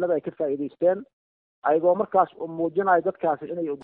nada ay ka faa'iidaysteen ayagoo markaas muujinaya dadkaasi inay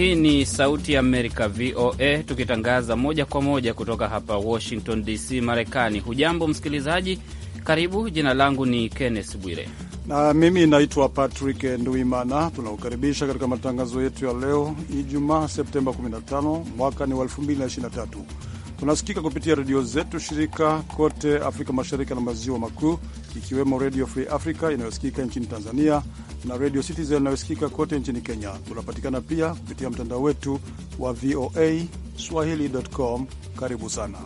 Hii ni Sauti ya Amerika, VOA, tukitangaza moja kwa moja kutoka hapa Washington DC, Marekani. Hujambo msikilizaji, karibu. Jina langu ni Kenneth Bwire na mimi naitwa Patrick Nduimana. Tunakukaribisha katika matangazo yetu ya leo Ijumaa, Septemba 15 mwaka ni wa 2023. Tunasikika kupitia redio zetu shirika kote Afrika Mashariki na Maziwa Makuu, ikiwemo Redio Free Africa inayosikika nchini Tanzania na Redio Citizen inayosikika kote nchini Kenya. Tunapatikana pia kupitia mtandao wetu wa VOA swahili.com. Karibu sana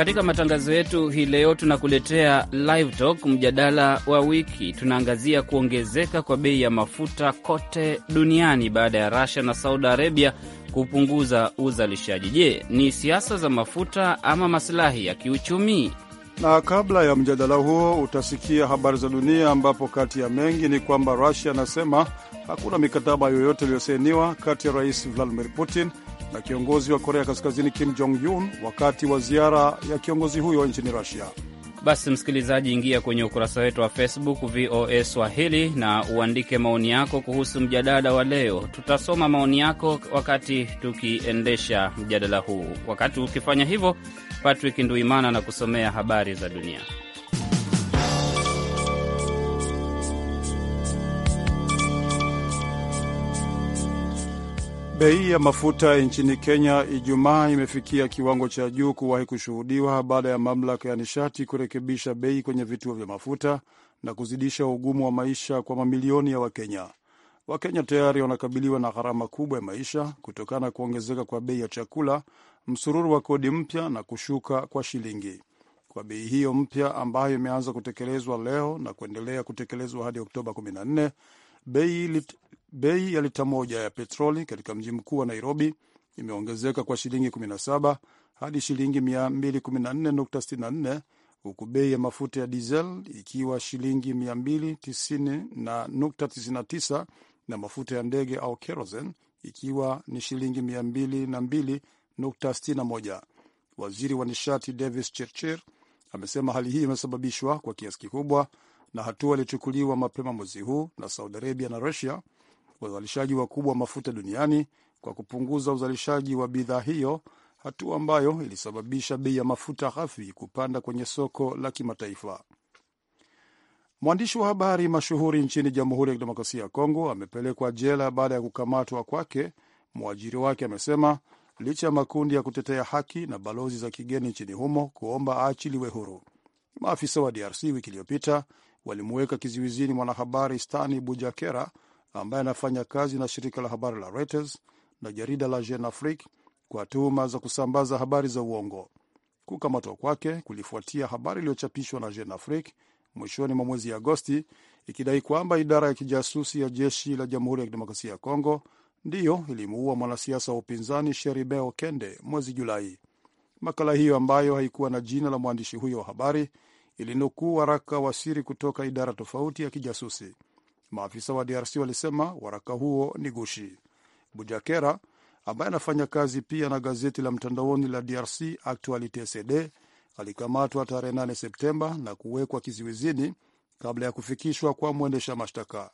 Katika matangazo yetu hii leo tunakuletea live talk, mjadala wa wiki. Tunaangazia kuongezeka kwa bei ya mafuta kote duniani baada ya Russia na Saudi Arabia kupunguza uzalishaji. Je, ni siasa za mafuta ama masilahi ya kiuchumi? Na kabla ya mjadala huo utasikia habari za dunia, ambapo kati ya mengi ni kwamba Russia anasema hakuna mikataba yoyote iliyosainiwa kati ya Rais Vladimir Putin na kiongozi wa Korea Kaskazini Kim Jong Un wakati wa ziara ya kiongozi huyo nchini Rusia. Basi msikilizaji, ingia kwenye ukurasa wetu wa Facebook VOA Swahili na uandike maoni yako kuhusu mjadala wa leo. Tutasoma maoni yako wakati tukiendesha mjadala huu. Wakati ukifanya hivyo, Patrick Nduimana na kusomea habari za dunia. Bei ya mafuta nchini Kenya Ijumaa imefikia kiwango cha juu kuwahi kushuhudiwa baada ya mamlaka ya nishati kurekebisha bei kwenye vituo vya mafuta na kuzidisha ugumu wa maisha kwa mamilioni ya Wakenya. Wakenya tayari wanakabiliwa na gharama kubwa ya maisha kutokana na kuongezeka kwa bei ya chakula, msururu wa kodi mpya na kushuka kwa shilingi. Kwa bei hiyo mpya ambayo imeanza kutekelezwa leo na kuendelea kutekelezwa hadi Oktoba 14, bei Bei ya lita moja ya petroli katika mji mkuu wa Nairobi imeongezeka kwa shilingi 17 hadi shilingi 214.64 huku bei ya mafuta ya diesel ikiwa shilingi 290.99 na, na mafuta ya ndege au kerosen ikiwa ni shilingi 202.61. Waziri wa nishati Davis Chirchir amesema hali hii imesababishwa kwa kiasi kikubwa na hatua iliyochukuliwa mapema mwezi huu na Saudi Arabia na Russia wazalishaji wakubwa wa mafuta duniani kwa kupunguza uzalishaji wa bidhaa hiyo, hatua ambayo ilisababisha bei ya mafuta ghafi kupanda kwenye soko la kimataifa. Mwandishi wa habari mashuhuri nchini Jamhuri ya Kidemokrasia ya Kongo amepelekwa jela baada ya kukamatwa kwake, mwajiri wake amesema, licha ya makundi ya kutetea haki na balozi za kigeni nchini humo kuomba aachiliwe huru. Maafisa wa DRC wiki iliyopita walimuweka kizuizini mwanahabari Stani Bujakera ambaye anafanya kazi na shirika la habari la Reuters na jarida la Jeune Afrique kwa tuhuma za kusambaza habari za uongo. Kukamatwa kwake kulifuatia habari iliyochapishwa na Jeune Afrique mwishoni mwa mwezi Agosti ikidai kwamba idara ya kijasusi ya jeshi la Jamhuri ya Kidemokrasia ya Kongo ndiyo ilimuua mwanasiasa wa upinzani Sheribeo Kende mwezi Julai. Makala hiyo ambayo haikuwa na jina la mwandishi huyo wa habari ilinukuu waraka wa siri kutoka idara tofauti ya kijasusi. Maafisa wa DRC walisema waraka huo ni gushi. Bujakera ambaye anafanya kazi pia na gazeti la mtandaoni la DRC Actualite CD alikamatwa tarehe 8 Septemba na kuwekwa kizuizini kabla ya kufikishwa kwa mwendesha mashtaka.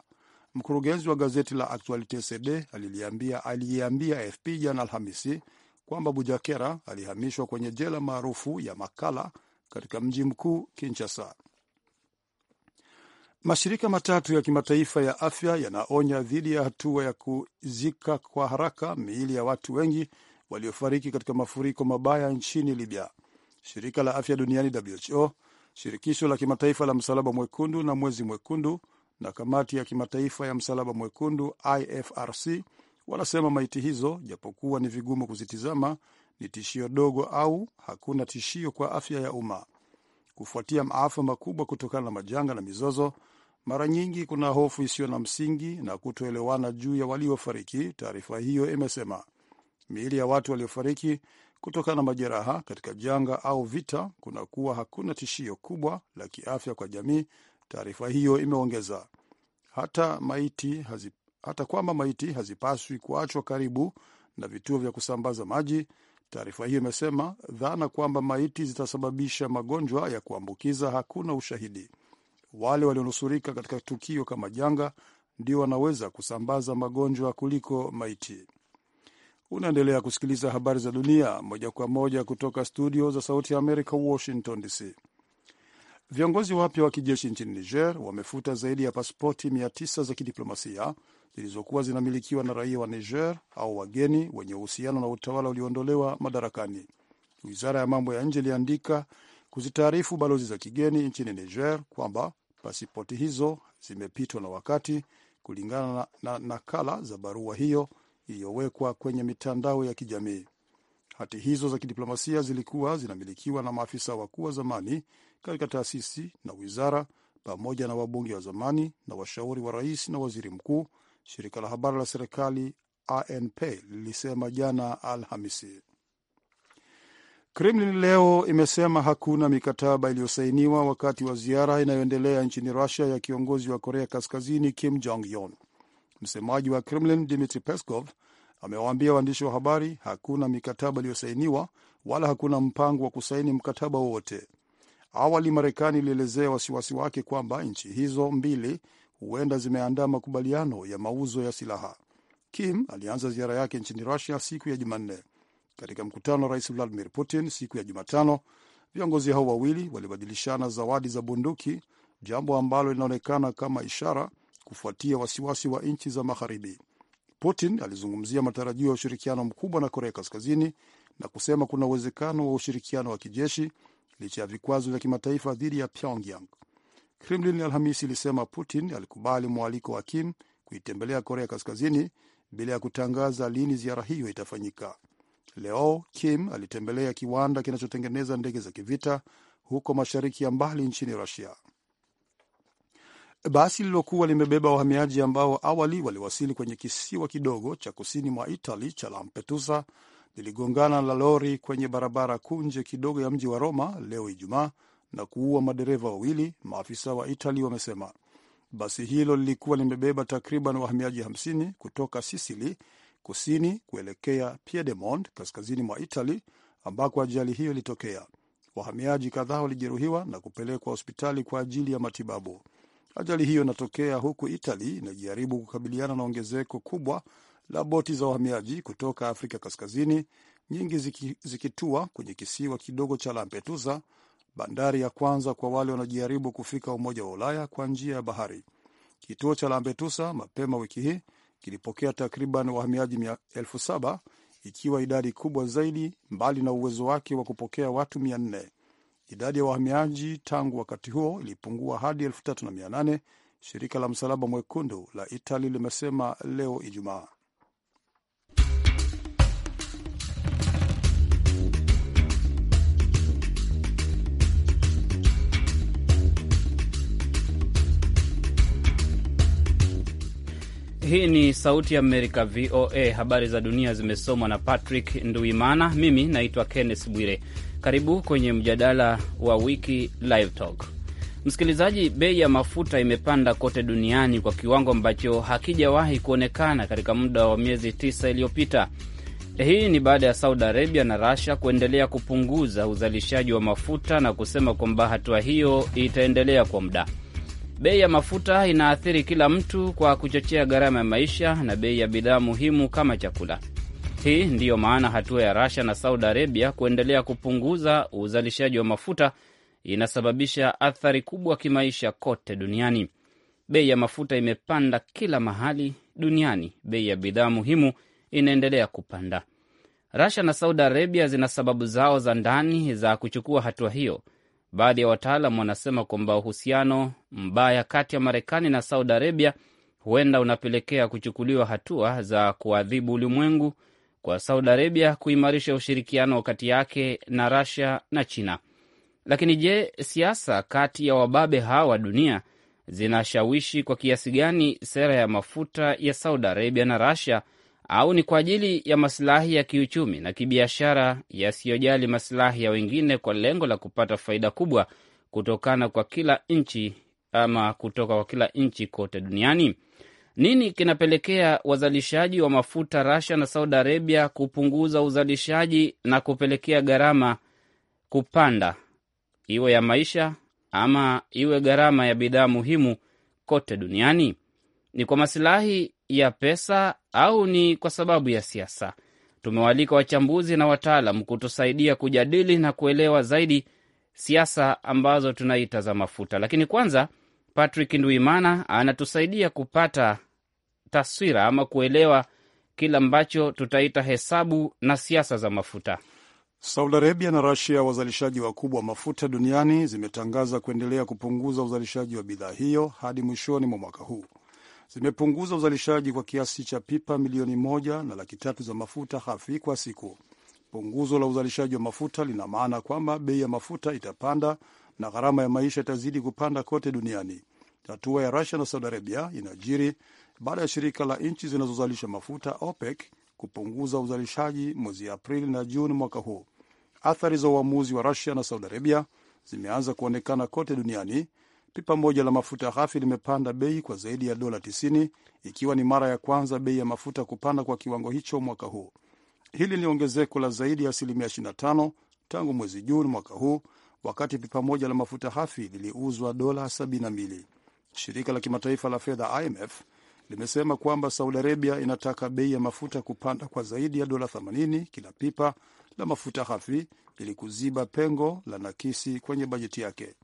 Mkurugenzi wa gazeti la Actualite CD aliiambia AFP jana Alhamisi kwamba Bujakera alihamishwa kwenye jela maarufu ya Makala katika mji mkuu Kinshasa. Mashirika matatu ya kimataifa ya afya yanaonya dhidi ya hatua ya kuzika kwa haraka miili ya watu wengi waliofariki katika mafuriko mabaya nchini Libya. Shirika la afya duniani WHO, shirikisho la kimataifa la msalaba mwekundu na mwezi mwekundu na kamati ya kimataifa ya msalaba mwekundu IFRC wanasema maiti hizo, japokuwa ni vigumu kuzitizama, ni tishio dogo au hakuna tishio kwa afya ya umma. Kufuatia maafa makubwa kutokana na majanga na mizozo, mara nyingi kuna hofu isiyo na msingi na kutoelewana juu ya waliofariki, taarifa hiyo imesema. Miili ya watu waliofariki kutokana na majeraha katika janga au vita kuna kuwa hakuna tishio kubwa la kiafya kwa jamii, taarifa hiyo imeongeza. Hata, maiti hazi, hata kwamba maiti hazipaswi kuachwa karibu na vituo vya kusambaza maji, taarifa hiyo imesema. Dhana kwamba maiti zitasababisha magonjwa ya kuambukiza hakuna ushahidi. Wale walionusurika katika tukio kama janga ndio wanaweza kusambaza magonjwa kuliko maiti. Unaendelea kusikiliza habari za dunia moja kwa moja kutoka studio za Sauti ya Amerika, Washington DC. Viongozi wapya wa kijeshi nchini Niger wamefuta zaidi ya pasipoti 900 za kidiplomasia zilizokuwa zinamilikiwa na raia wa Niger au wageni wenye uhusiano na utawala ulioondolewa madarakani. Wizara ya mambo ya nje iliandika kuzitaarifu balozi za kigeni nchini Niger kwamba Pasipoti hizo zimepitwa na wakati kulingana na, na nakala za barua hiyo iliyowekwa kwenye mitandao ya kijamii. Hati hizo za kidiplomasia zilikuwa zinamilikiwa na maafisa wakuu wa zamani katika taasisi na wizara pamoja na wabunge wa zamani na washauri wa rais na waziri mkuu, shirika la habari la serikali ANP lilisema jana Alhamisi. Kremlin leo imesema hakuna mikataba iliyosainiwa wakati wa ziara inayoendelea nchini Rusia ya kiongozi wa Korea Kaskazini Kim Jong Un. Msemaji wa Kremlin Dmitri Peskov amewaambia waandishi wa habari, hakuna mikataba iliyosainiwa wala hakuna mpango wa kusaini mkataba wowote. Awali Marekani ilielezea wasiwasi wake kwamba nchi hizo mbili huenda zimeandaa makubaliano ya mauzo ya silaha. Kim alianza ziara yake nchini Rusia siku ya Jumanne. Katika mkutano wa rais Vladimir Putin siku ya Jumatano, viongozi hao wawili walibadilishana zawadi za bunduki, jambo ambalo linaonekana kama ishara kufuatia wasiwasi wa nchi za Magharibi. Putin alizungumzia matarajio ya ushirikiano mkubwa na Korea Kaskazini na kusema kuna uwezekano wa ushirikiano wa kijeshi licha ya vikwazo vya kimataifa dhidi ya Pyongyang. Kremlin Alhamisi ilisema Putin alikubali mwaliko wa Kim kuitembelea Korea Kaskazini bila ya kutangaza lini ziara hiyo itafanyika. Leo Kim alitembelea kiwanda kinachotengeneza ndege za kivita huko mashariki ya mbali nchini Rusia. Basi lililokuwa limebeba wahamiaji ambao awali waliwasili kwenye kisiwa kidogo cha kusini mwa Itali cha Lampedusa liligongana la lori kwenye barabara kuu nje kidogo ya mji wa Roma leo Ijumaa na kuua madereva wawili, maafisa wa Itali wamesema. Basi hilo lilikuwa limebeba takriban wahamiaji 50 kutoka Sisili kusini kuelekea Piedmont kaskazini mwa Italy ambako ajali hiyo ilitokea. Wahamiaji kadhaa walijeruhiwa na kupelekwa hospitali kwa ajili ya matibabu. Ajali hiyo inatokea huku Italy inajaribu kukabiliana na ongezeko kubwa la boti za wahamiaji kutoka Afrika Kaskazini, nyingi ziki, zikitua kwenye kisiwa kidogo cha Lampedusa, bandari ya kwanza kwa wale wanaojaribu kufika Umoja wa Ulaya kwa njia ya bahari. Kituo cha Lampedusa mapema wiki hii kilipokea takriban wahamiaji elfu saba ikiwa idadi kubwa zaidi mbali na uwezo wake wa kupokea watu mia nne. Idadi ya wahamiaji tangu wakati huo ilipungua hadi elfu tatu na mia nane shirika la Msalaba Mwekundu la Itali limesema leo Ijumaa. Hii ni Sauti ya Amerika, VOA. Habari za dunia zimesomwa na Patrick Nduimana. Mimi naitwa Kenneth Bwire. Karibu kwenye mjadala wa wiki Live Talk. Msikilizaji, bei ya mafuta imepanda kote duniani kwa kiwango ambacho hakijawahi kuonekana katika muda wa miezi tisa iliyopita. Hii ni baada ya Saudi Arabia na Russia kuendelea kupunguza uzalishaji wa mafuta na kusema kwamba hatua hiyo itaendelea kwa muda Bei ya mafuta inaathiri kila mtu kwa kuchochea gharama ya maisha na bei ya bidhaa muhimu kama chakula. Hii ndiyo maana hatua ya Russia na Saudi Arabia kuendelea kupunguza uzalishaji wa mafuta inasababisha athari kubwa kimaisha kote duniani. Bei ya mafuta imepanda kila mahali duniani. Bei ya bidhaa muhimu inaendelea kupanda. Russia na Saudi Arabia zina sababu zao za ndani za kuchukua hatua hiyo. Baadhi ya wataalam wanasema kwamba uhusiano mbaya kati ya Marekani na Saudi Arabia huenda unapelekea kuchukuliwa hatua za kuadhibu ulimwengu kwa Saudi Arabia kuimarisha ushirikiano kati yake na rasia na China. Lakini je, siasa kati ya wababe hawa wa dunia zinashawishi kwa kiasi gani sera ya mafuta ya Saudi Arabia na rasia au ni kwa ajili ya masilahi ya kiuchumi na kibiashara yasiyojali masilahi ya wengine kwa lengo la kupata faida kubwa kutokana kwa kila nchi ama kutoka kwa kila nchi kote duniani? Nini kinapelekea wazalishaji wa mafuta Russia na Saudi Arabia kupunguza uzalishaji na kupelekea gharama kupanda, iwe ya maisha ama iwe gharama ya bidhaa muhimu kote duniani? Ni kwa masilahi ya pesa au ni kwa sababu ya siasa? Tumewaalika wachambuzi na wataalam kutusaidia kujadili na kuelewa zaidi siasa ambazo tunaita za mafuta, lakini kwanza Patrick Nduimana anatusaidia kupata taswira ama kuelewa kile ambacho tutaita hesabu na siasa za mafuta. Saudi Arabia na Rasia, wazalishaji wakubwa wa mafuta duniani, zimetangaza kuendelea kupunguza uzalishaji wa bidhaa hiyo hadi mwishoni mwa mwaka huu zimepunguza uzalishaji kwa kiasi cha pipa milioni moja na laki tatu za mafuta hafi kwa siku. Punguzo la uzalishaji wa mafuta lina maana kwamba bei ya mafuta itapanda na gharama ya maisha itazidi kupanda kote duniani. Hatua ya Rusia na Saudi Arabia inajiri baada ya shirika la nchi zinazozalisha mafuta OPEC kupunguza uzalishaji mwezi Aprili na Juni mwaka huu. Athari za uamuzi wa Rusia na Saudi Arabia zimeanza kuonekana kote duniani Pipa moja la mafuta ghafi limepanda bei kwa zaidi ya dola 90, ikiwa ni mara ya kwanza bei ya mafuta kupanda kwa kiwango hicho mwaka huu. Hili ni ongezeko la zaidi ya asilimia 25 tangu mwezi Juni mwaka huu, wakati pipa moja la mafuta ghafi liliuzwa dola 72. Shirika la kimataifa la fedha IMF limesema kwamba Saudi Arabia inataka bei ya mafuta kupanda kwa zaidi ya dola 80 kila pipa la mafuta ghafi ili kuziba pengo la nakisi kwenye bajeti yake.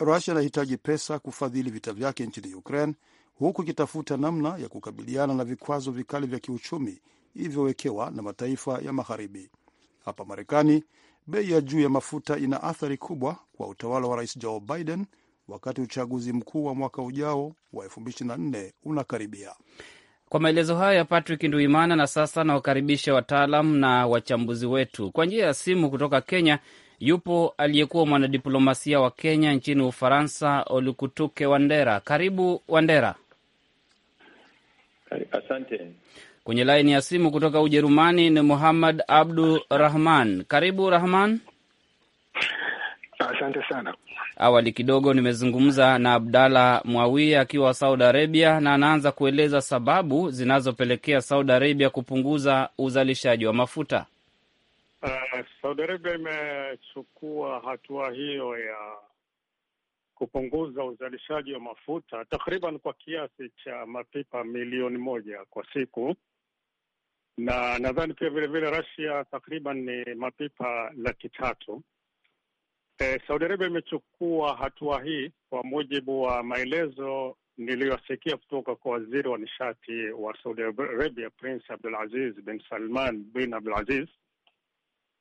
Rusia inahitaji pesa kufadhili vita vyake nchini Ukraine, huku ikitafuta namna ya kukabiliana na vikwazo vikali vya kiuchumi ilivyowekewa na mataifa ya Magharibi. Hapa Marekani, bei ya juu ya mafuta ina athari kubwa kwa utawala wa Rais Joe Biden wakati uchaguzi mkuu wa mwaka ujao wa 2024 unakaribia. Kwa maelezo hayo ya Patrick Nduimana. Na sasa nawakaribisha wataalam na wachambuzi wetu kwa njia ya simu kutoka Kenya yupo aliyekuwa mwanadiplomasia wa Kenya nchini Ufaransa, Olukutuke Wandera. Karibu Wandera. Asante. Kwenye laini ya simu kutoka Ujerumani ni Muhammad Abdu Rahman. Karibu Rahman. Asante sana. Awali kidogo nimezungumza na Abdalla mwawi akiwa Saudi Arabia, na anaanza kueleza sababu zinazopelekea Saudi Arabia kupunguza uzalishaji wa mafuta. Uh, Saudi Arabia imechukua hatua hiyo ya kupunguza uzalishaji wa mafuta takriban kwa kiasi cha mapipa milioni moja kwa siku, na nadhani pia vilevile Russia takriban ni mapipa laki tatu. Eh, Saudi Arabia imechukua hatua hii kwa mujibu wa maelezo niliyosikia kutoka kwa waziri wa nishati wa Saudi Arabia Prince abdul aziz bin Salman bin aziz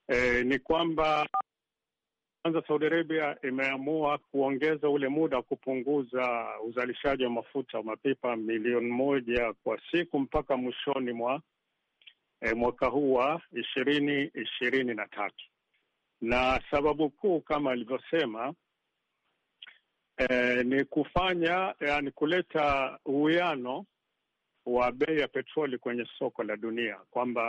e, ni kwamba kwanza Saudi Arabia imeamua kuongeza ule muda wa kupunguza uzalishaji wa mafuta wa mapipa milioni moja kwa siku mpaka mwishoni mwa e, mwaka huu wa ishirini ishirini na tatu na sababu kuu kama alivyosema e, ni kufanya yani kuleta uwiano wa bei ya petroli kwenye soko la dunia kwamba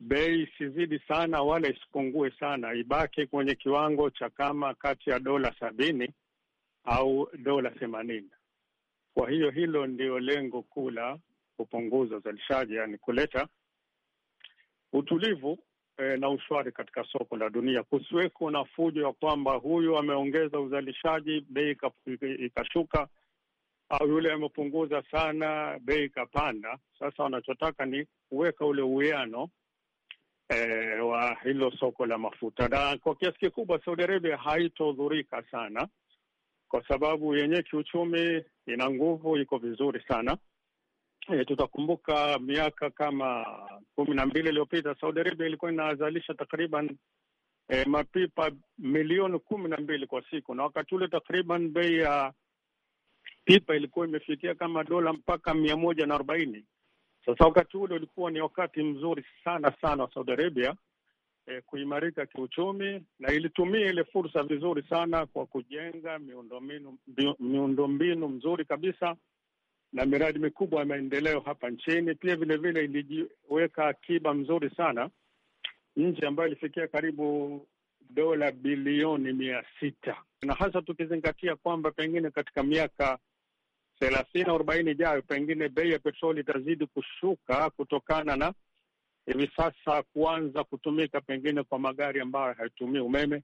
bei isizidi sana wala isipungue sana, ibaki kwenye kiwango cha kama kati ya dola sabini au dola themanini. Kwa hiyo hilo ndio lengo kuu la kupunguza uzalishaji, yani kuleta utulivu e, na ushwari katika soko la dunia, kusiweko na fujo ya kwamba huyu ameongeza uzalishaji bei ikashuka, au yule amepunguza sana bei ikapanda. Sasa wanachotaka ni kuweka ule uwiano eh, wa hilo soko la mafuta, na kwa kiasi kikubwa Saudi Arabia haitodhurika sana, kwa sababu yenyewe kiuchumi ina nguvu, iko vizuri sana. E, tutakumbuka miaka kama kumi na mbili iliyopita Saudi Arabia ilikuwa inazalisha takriban e, mapipa milioni kumi na mbili kwa siku, na wakati ule takriban bei ya pipa ilikuwa imefikia kama dola mpaka mia moja na arobaini sasa wakati ule ulikuwa ni wakati mzuri sana sana wa Saudi Arabia e, kuimarika kiuchumi, na ilitumia ile fursa vizuri sana kwa kujenga miundombinu mzuri kabisa na miradi mikubwa ya maendeleo hapa nchini. Pia vilevile ilijiweka akiba mzuri sana nchi ambayo ilifikia karibu dola bilioni mia sita na hasa tukizingatia kwamba pengine katika miaka thelathini arobaini ijayo, pengine bei ya petroli itazidi kushuka kutokana na hivi sasa kuanza kutumika pengine kwa magari ambayo haitumii umeme,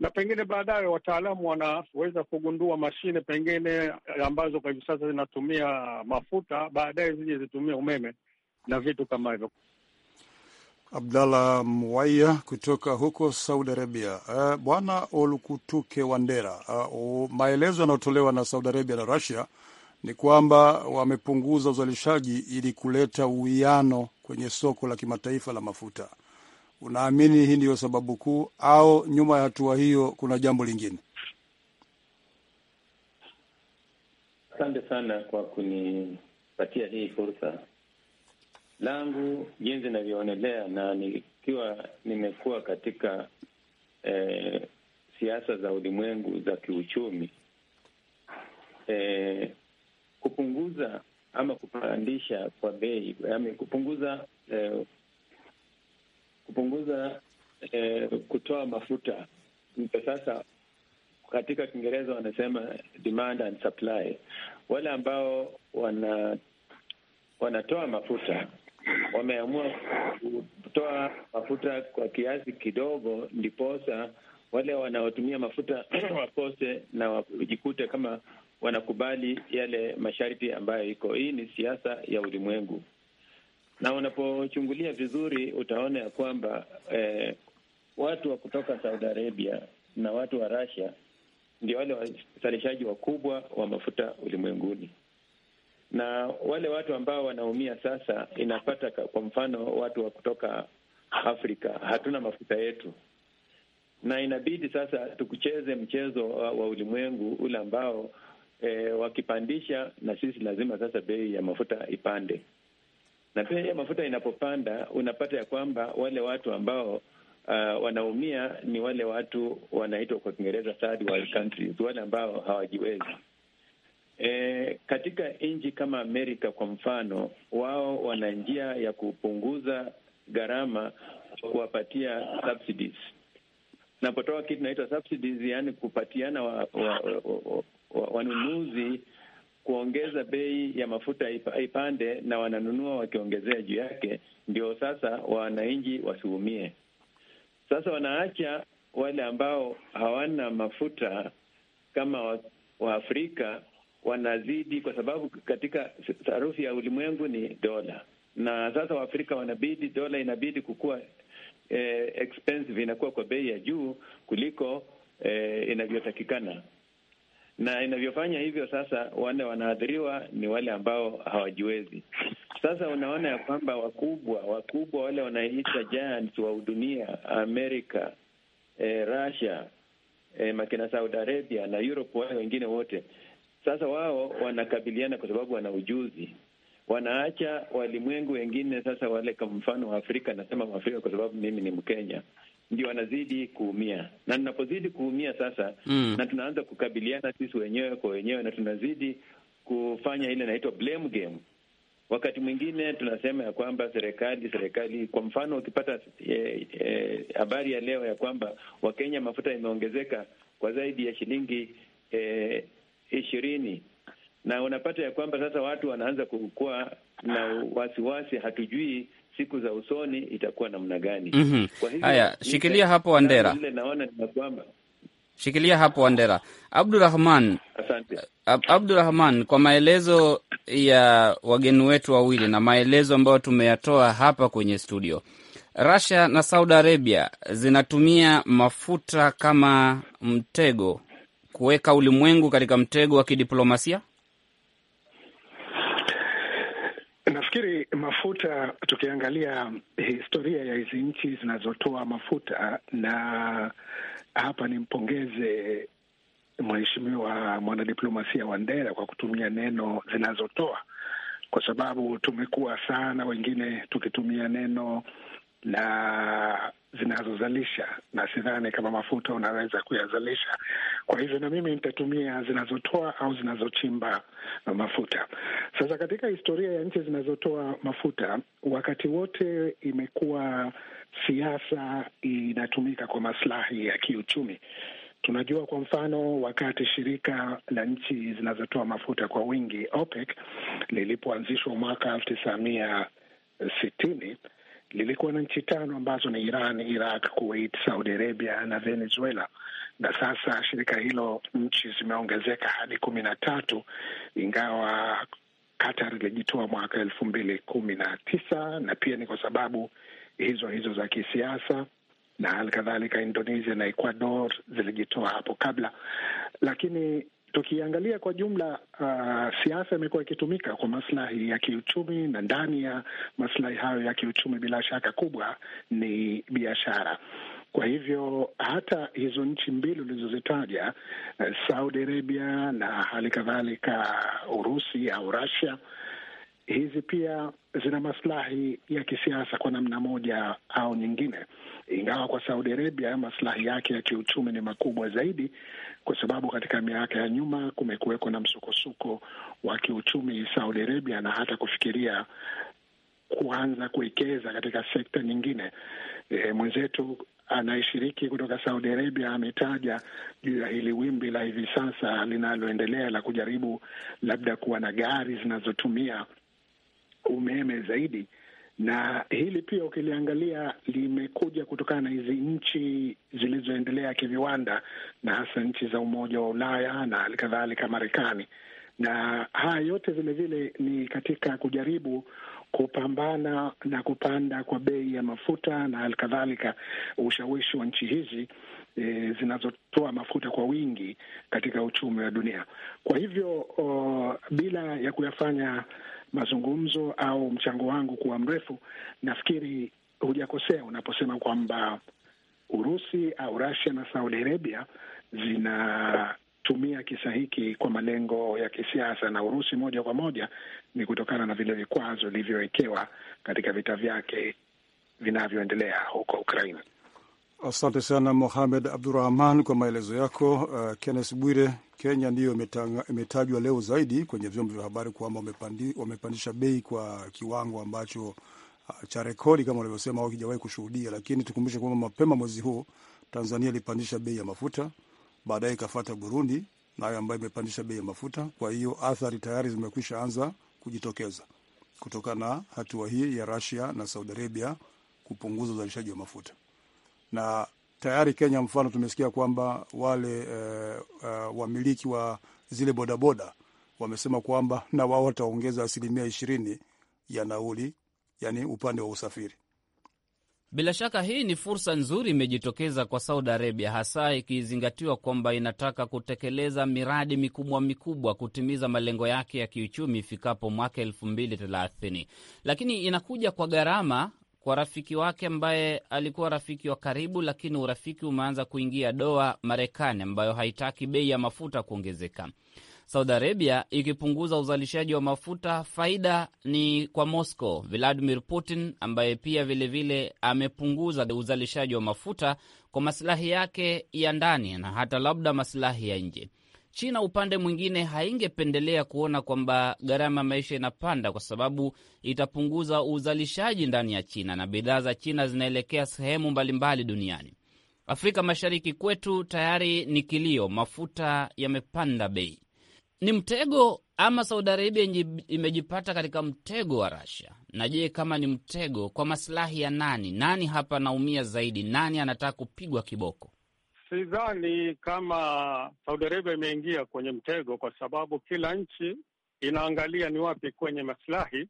na pengine baadaye wataalamu wanaweza kugundua mashine pengine eh, ambazo kwa hivi sasa zinatumia mafuta, baadaye zije zitumie umeme na vitu kama hivyo. Abdallah Mwaiya kutoka huko Saudi Arabia. Uh, Bwana Olukutuke Wandera, uh, maelezo yanayotolewa na Saudi Arabia na Russia ni kwamba wamepunguza uzalishaji ili kuleta uwiano kwenye soko la kimataifa la mafuta. Unaamini hii ndiyo sababu kuu, au nyuma ya hatua hiyo kuna jambo lingine? Asante sana kwa kunipatia hii fursa. Langu jinsi inavyoonelea na nikiwa nimekuwa katika eh, siasa za ulimwengu za kiuchumi eh, kupunguza ama kupandisha kwa bei, yaani kupunguza eh, kupunguza eh, kutoa mafuta kwa sasa katika Kiingereza wanasema demand and supply. Wale ambao wana wanatoa mafuta wameamua kutoa mafuta kwa kiasi kidogo, ndiposa wale wanaotumia mafuta wakose na wajikute kama wanakubali yale masharti ambayo iko. Hii ni siasa ya ulimwengu, na unapochungulia vizuri utaona ya kwamba eh, watu wa kutoka Saudi Arabia na watu wa Russia ndio wale wazalishaji wakubwa wa mafuta ulimwenguni, na wale watu ambao wanaumia sasa, inapata kwa mfano watu wa kutoka Afrika, hatuna mafuta yetu, na inabidi sasa tukucheze mchezo wa ulimwengu ule ambao e, wakipandisha na sisi lazima sasa bei ya mafuta ipande, na bei ya mafuta inapopanda unapata ya kwamba wale watu ambao Uh, wanaumia ni wale watu wanaitwa kwa Kiingereza third world countries, wale ambao hawajiwezi. E, katika nchi kama Amerika kwa mfano, wao wana njia ya kupunguza gharama kuwapatia subsidies. Napotoa kitu naitwa subsidies, yaani kupatiana wa, wa, wa, wa, wanunuzi kuongeza bei ya mafuta ipande, na wananunua wakiongezea juu yake, ndio sasa wananchi wasiumie. Sasa wanaacha wale ambao hawana mafuta kama Waafrika wanazidi, kwa sababu katika sarufi ya ulimwengu ni dola, na sasa Waafrika wanabidi dola inabidi kukua eh, expensive inakuwa kwa bei ya juu kuliko eh, inavyotakikana na inavyofanya hivyo sasa, wale wanaathiriwa ni wale ambao hawajiwezi. Sasa unaona ya kwamba wakubwa wakubwa wale wanaita giants wa dunia, Amerika, eh, Russia, eh, makina Saudi Arabia na Europe, wale wengine wote sasa wao wanakabiliana kwa sababu wana ujuzi wanaacha walimwengu wengine sasa, wale kwa mfano Afrika, nasema Mwafrika kwa sababu mimi ni Mkenya, ndio wanazidi kuumia, na tunapozidi kuumia sasa mm. na tunaanza kukabiliana sisi wenyewe kwa wenyewe, na tunazidi kufanya ile inaitwa blame game. Wakati mwingine tunasema ya kwamba serikali serikali, kwa mfano ukipata habari eh, eh, ya leo ya kwamba Wakenya mafuta imeongezeka kwa zaidi ya shilingi eh, ishirini na unapata ya kwamba sasa watu wanaanza kukuwa na wasiwasi, hatujui siku za usoni itakuwa namna gani? mm -hmm. Kwa hivyo haya, shikilia hapo Wandera, naona ni kwamba shikilia hapo Wandera. Abdurahman, asante. Abdurahman, kwa maelezo ya wageni wetu wawili na maelezo ambayo tumeyatoa hapa kwenye studio, Russia na Saudi Arabia zinatumia mafuta kama mtego kuweka ulimwengu katika mtego wa kidiplomasia. Nafikiri mafuta, tukiangalia um, historia ya hizi nchi zinazotoa mafuta, na hapa nimpongeze mheshimiwa mwanadiplomasia Wandera kwa kutumia neno zinazotoa, kwa sababu tumekuwa sana wengine tukitumia neno na zinazozalisha, na sidhani kama mafuta unaweza kuyazalisha. Kwa hivyo, na mimi nitatumia zinazotoa au zinazochimba mafuta. Sasa, katika historia ya nchi zinazotoa mafuta, wakati wote imekuwa siasa inatumika kwa maslahi ya kiuchumi. Tunajua kwa mfano, wakati shirika la nchi zinazotoa mafuta kwa wingi OPEC lilipoanzishwa mwaka elfu tisa mia sitini lilikuwa na nchi tano ambazo ni Iran, Iraq, Kuwait, Saudi Arabia na Venezuela na sasa shirika hilo nchi zimeongezeka hadi kumi na tatu ingawa Qatar ilijitoa mwaka elfu mbili kumi na tisa na pia ni kwa sababu hizo hizo za kisiasa, na hali kadhalika Indonesia na Ecuador zilijitoa hapo kabla, lakini Tukiangalia kwa jumla, uh, siasa imekuwa ikitumika kwa maslahi ya kiuchumi, na ndani ya maslahi hayo ya kiuchumi, bila shaka kubwa ni biashara. Kwa hivyo hata hizo nchi mbili ulizozitaja, uh, Saudi Arabia na hali kadhalika Urusi au Russia hizi pia zina maslahi ya kisiasa kwa namna moja au nyingine, ingawa kwa Saudi Arabia maslahi yake ya kiuchumi ni makubwa zaidi, kwa sababu katika miaka ya nyuma kumekuweko na msukosuko wa kiuchumi Saudi Arabia, na hata kufikiria kuanza kuwekeza katika sekta nyingine. E, mwenzetu anayeshiriki kutoka Saudi Arabia ametaja juu ya hili wimbi la hivi sasa linaloendelea la kujaribu labda kuwa na gari zinazotumia umeme zaidi, na hili pia ukiliangalia limekuja kutokana na hizi nchi zilizoendelea kiviwanda na hasa nchi za Umoja wa Ulaya na hali kadhalika Marekani, na haya yote vilevile ni katika kujaribu kupambana na kupanda kwa bei ya mafuta na hali kadhalika ushawishi wa nchi hizi e, zinazotoa mafuta kwa wingi katika uchumi wa dunia. Kwa hivyo o, bila ya kuyafanya mazungumzo au mchango wangu kuwa mrefu, nafikiri hujakosea unaposema kwamba Urusi au Russia na Saudi Arabia zinatumia kisa hiki kwa malengo ya kisiasa, na Urusi moja kwa moja ni kutokana na vile vikwazo vilivyowekewa katika vita vyake vinavyoendelea huko Ukraina. Asante sana Mohamed Abdurahman kwa maelezo yako. Uh, Kennes Bwire, Kenya ndiyo imetajwa leo zaidi kwenye vyombo vya habari kwamba wamepandisha bei kwa kiwango ambacho uh, cha rekodi kama walivyosema, au kushuhudia. Lakini tukumbushe kwamba mapema mwezi huu Tanzania ilipandisha bei ya mafuta, baadaye ikafata Burundi nayo ambayo imepandisha bei ya mafuta. Kwa hiyo athari tayari zimekwisha anza kujitokeza kutokana na hatua hii ya rasia na Saudi Arabia kupunguza uzalishaji wa mafuta na tayari Kenya mfano tumesikia kwamba wale uh, uh, wamiliki wa zile bodaboda wamesema kwamba na wao wataongeza asilimia ishirini ya nauli, yani upande wa usafiri. Bila shaka hii ni fursa nzuri imejitokeza kwa Saudi Arabia, hasa ikizingatiwa kwamba inataka kutekeleza miradi mikubwa mikubwa kutimiza malengo yake ya kiuchumi ifikapo mwaka elfu mbili thelathini, lakini inakuja kwa gharama kwa rafiki wake ambaye alikuwa rafiki wa karibu, lakini urafiki umeanza kuingia doa, Marekani ambayo haitaki bei ya mafuta kuongezeka. Saudi Arabia ikipunguza uzalishaji wa mafuta, faida ni kwa Moscow. Vladimir Putin ambaye pia vilevile vile amepunguza uzalishaji wa mafuta kwa masilahi yake ya ndani na hata labda masilahi ya nje. China upande mwingine haingependelea kuona kwamba gharama ya maisha inapanda, kwa sababu itapunguza uzalishaji ndani ya China na bidhaa za China zinaelekea sehemu mbalimbali duniani. Afrika Mashariki kwetu tayari ni kilio, mafuta yamepanda bei. Ni mtego ama Saudi Arabia imejipata katika mtego wa Russia? Na je, kama ni mtego, kwa masilahi ya nani? Nani hapa anaumia zaidi? Nani anataka kupigwa kiboko? Sidhani kama Saudi Arabia imeingia kwenye mtego, kwa sababu kila nchi inaangalia ni wapi kwenye masilahi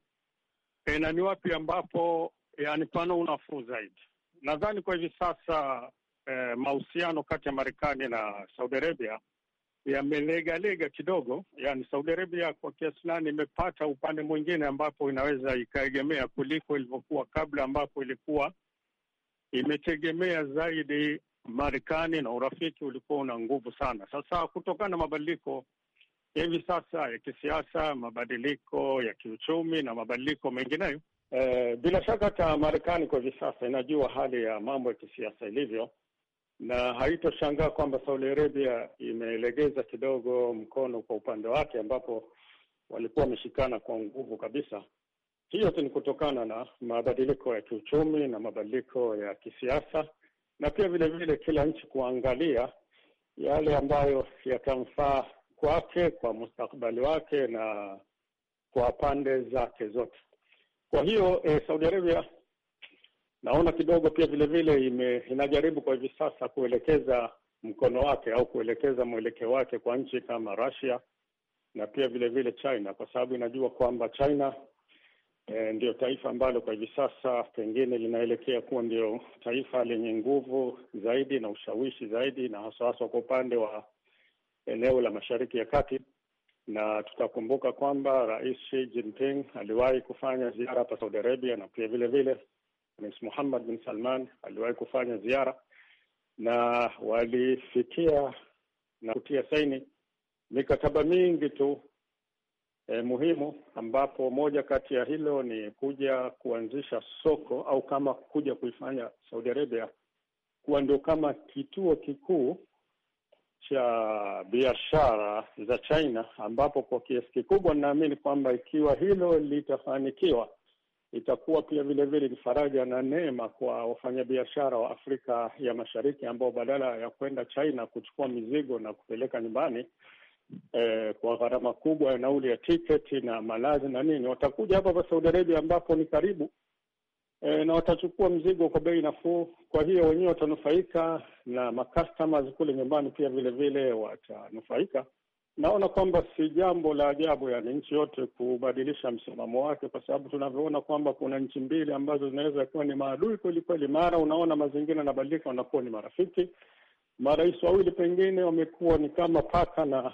eh, na ni wapi ambapo yani pana unafuu zaidi. Nadhani kwa hivi sasa e, mahusiano kati ya Marekani na Saudi Arabia yamelegalega kidogo, yani Saudi Arabia kwa kiasi fulani imepata upande mwingine ambapo inaweza ikaegemea kuliko ilivyokuwa kabla, ambapo ilikuwa imetegemea zaidi Marekani na urafiki ulikuwa una nguvu sana. Sasa kutokana na mabadiliko ya hivi sasa ya kisiasa, mabadiliko ya kiuchumi na mabadiliko mengineyo, e, bila shaka hata Marekani kwa hivi sasa inajua hali ya mambo ya kisiasa ilivyo, na haitoshangaa kwamba Saudi Arabia imelegeza kidogo mkono kwa upande wake, ambapo walikuwa wameshikana kwa nguvu kabisa. Hiyo ni kutokana na mabadiliko ya kiuchumi na mabadiliko ya kisiasa na pia vile vile kila nchi kuangalia yale ambayo yatamfaa kwake kwa mustakbali wake na kwa pande zake zote. Kwa hiyo eh, Saudi Arabia naona kidogo pia vile vile ime, inajaribu kwa hivi sasa kuelekeza mkono wake au kuelekeza mwelekeo wake kwa nchi kama Russia na pia vile vile China, kwa sababu inajua kwamba China e, ndio taifa ambalo kwa hivi sasa pengine linaelekea kuwa ndio taifa lenye nguvu zaidi na ushawishi zaidi, na haswa haswa kwa upande wa eneo la Mashariki ya Kati na tutakumbuka kwamba Rais Xi Jinping aliwahi kufanya ziara hapa Saudi Arabia, na pia vile vile Rais Muhammad bin Salman aliwahi kufanya ziara na walifikia na kutia saini mikataba mingi tu e, muhimu ambapo moja kati ya hilo ni kuja kuanzisha soko au kama kuja kuifanya Saudi Arabia kuwa ndio kama kituo kikuu cha biashara za China, ambapo kwa kiasi kikubwa ninaamini kwamba ikiwa hilo litafanikiwa itakuwa pia vile vile ni faraja na neema kwa wafanyabiashara wa Afrika ya Mashariki ambao badala ya kwenda China kuchukua mizigo na kupeleka nyumbani eh, kwa gharama kubwa ya nauli ya tiketi na malazi na nini, watakuja hapa kwa Saudi Arabia ambapo ni karibu eh, na watachukua mzigo kwa bei nafuu. Kwa hiyo wenyewe watanufaika na macustomers kule nyumbani pia vile vile watanufaika. Naona kwamba si jambo la ajabu, yani nchi yote kubadilisha msimamo wake, kwa sababu tunavyoona kwamba kuna nchi mbili ambazo zinaweza kuwa ni maadui kweli kweli, mara unaona mazingira yanabadilika, wanakuwa ni marafiki. Marais wawili pengine wamekuwa ni kama paka na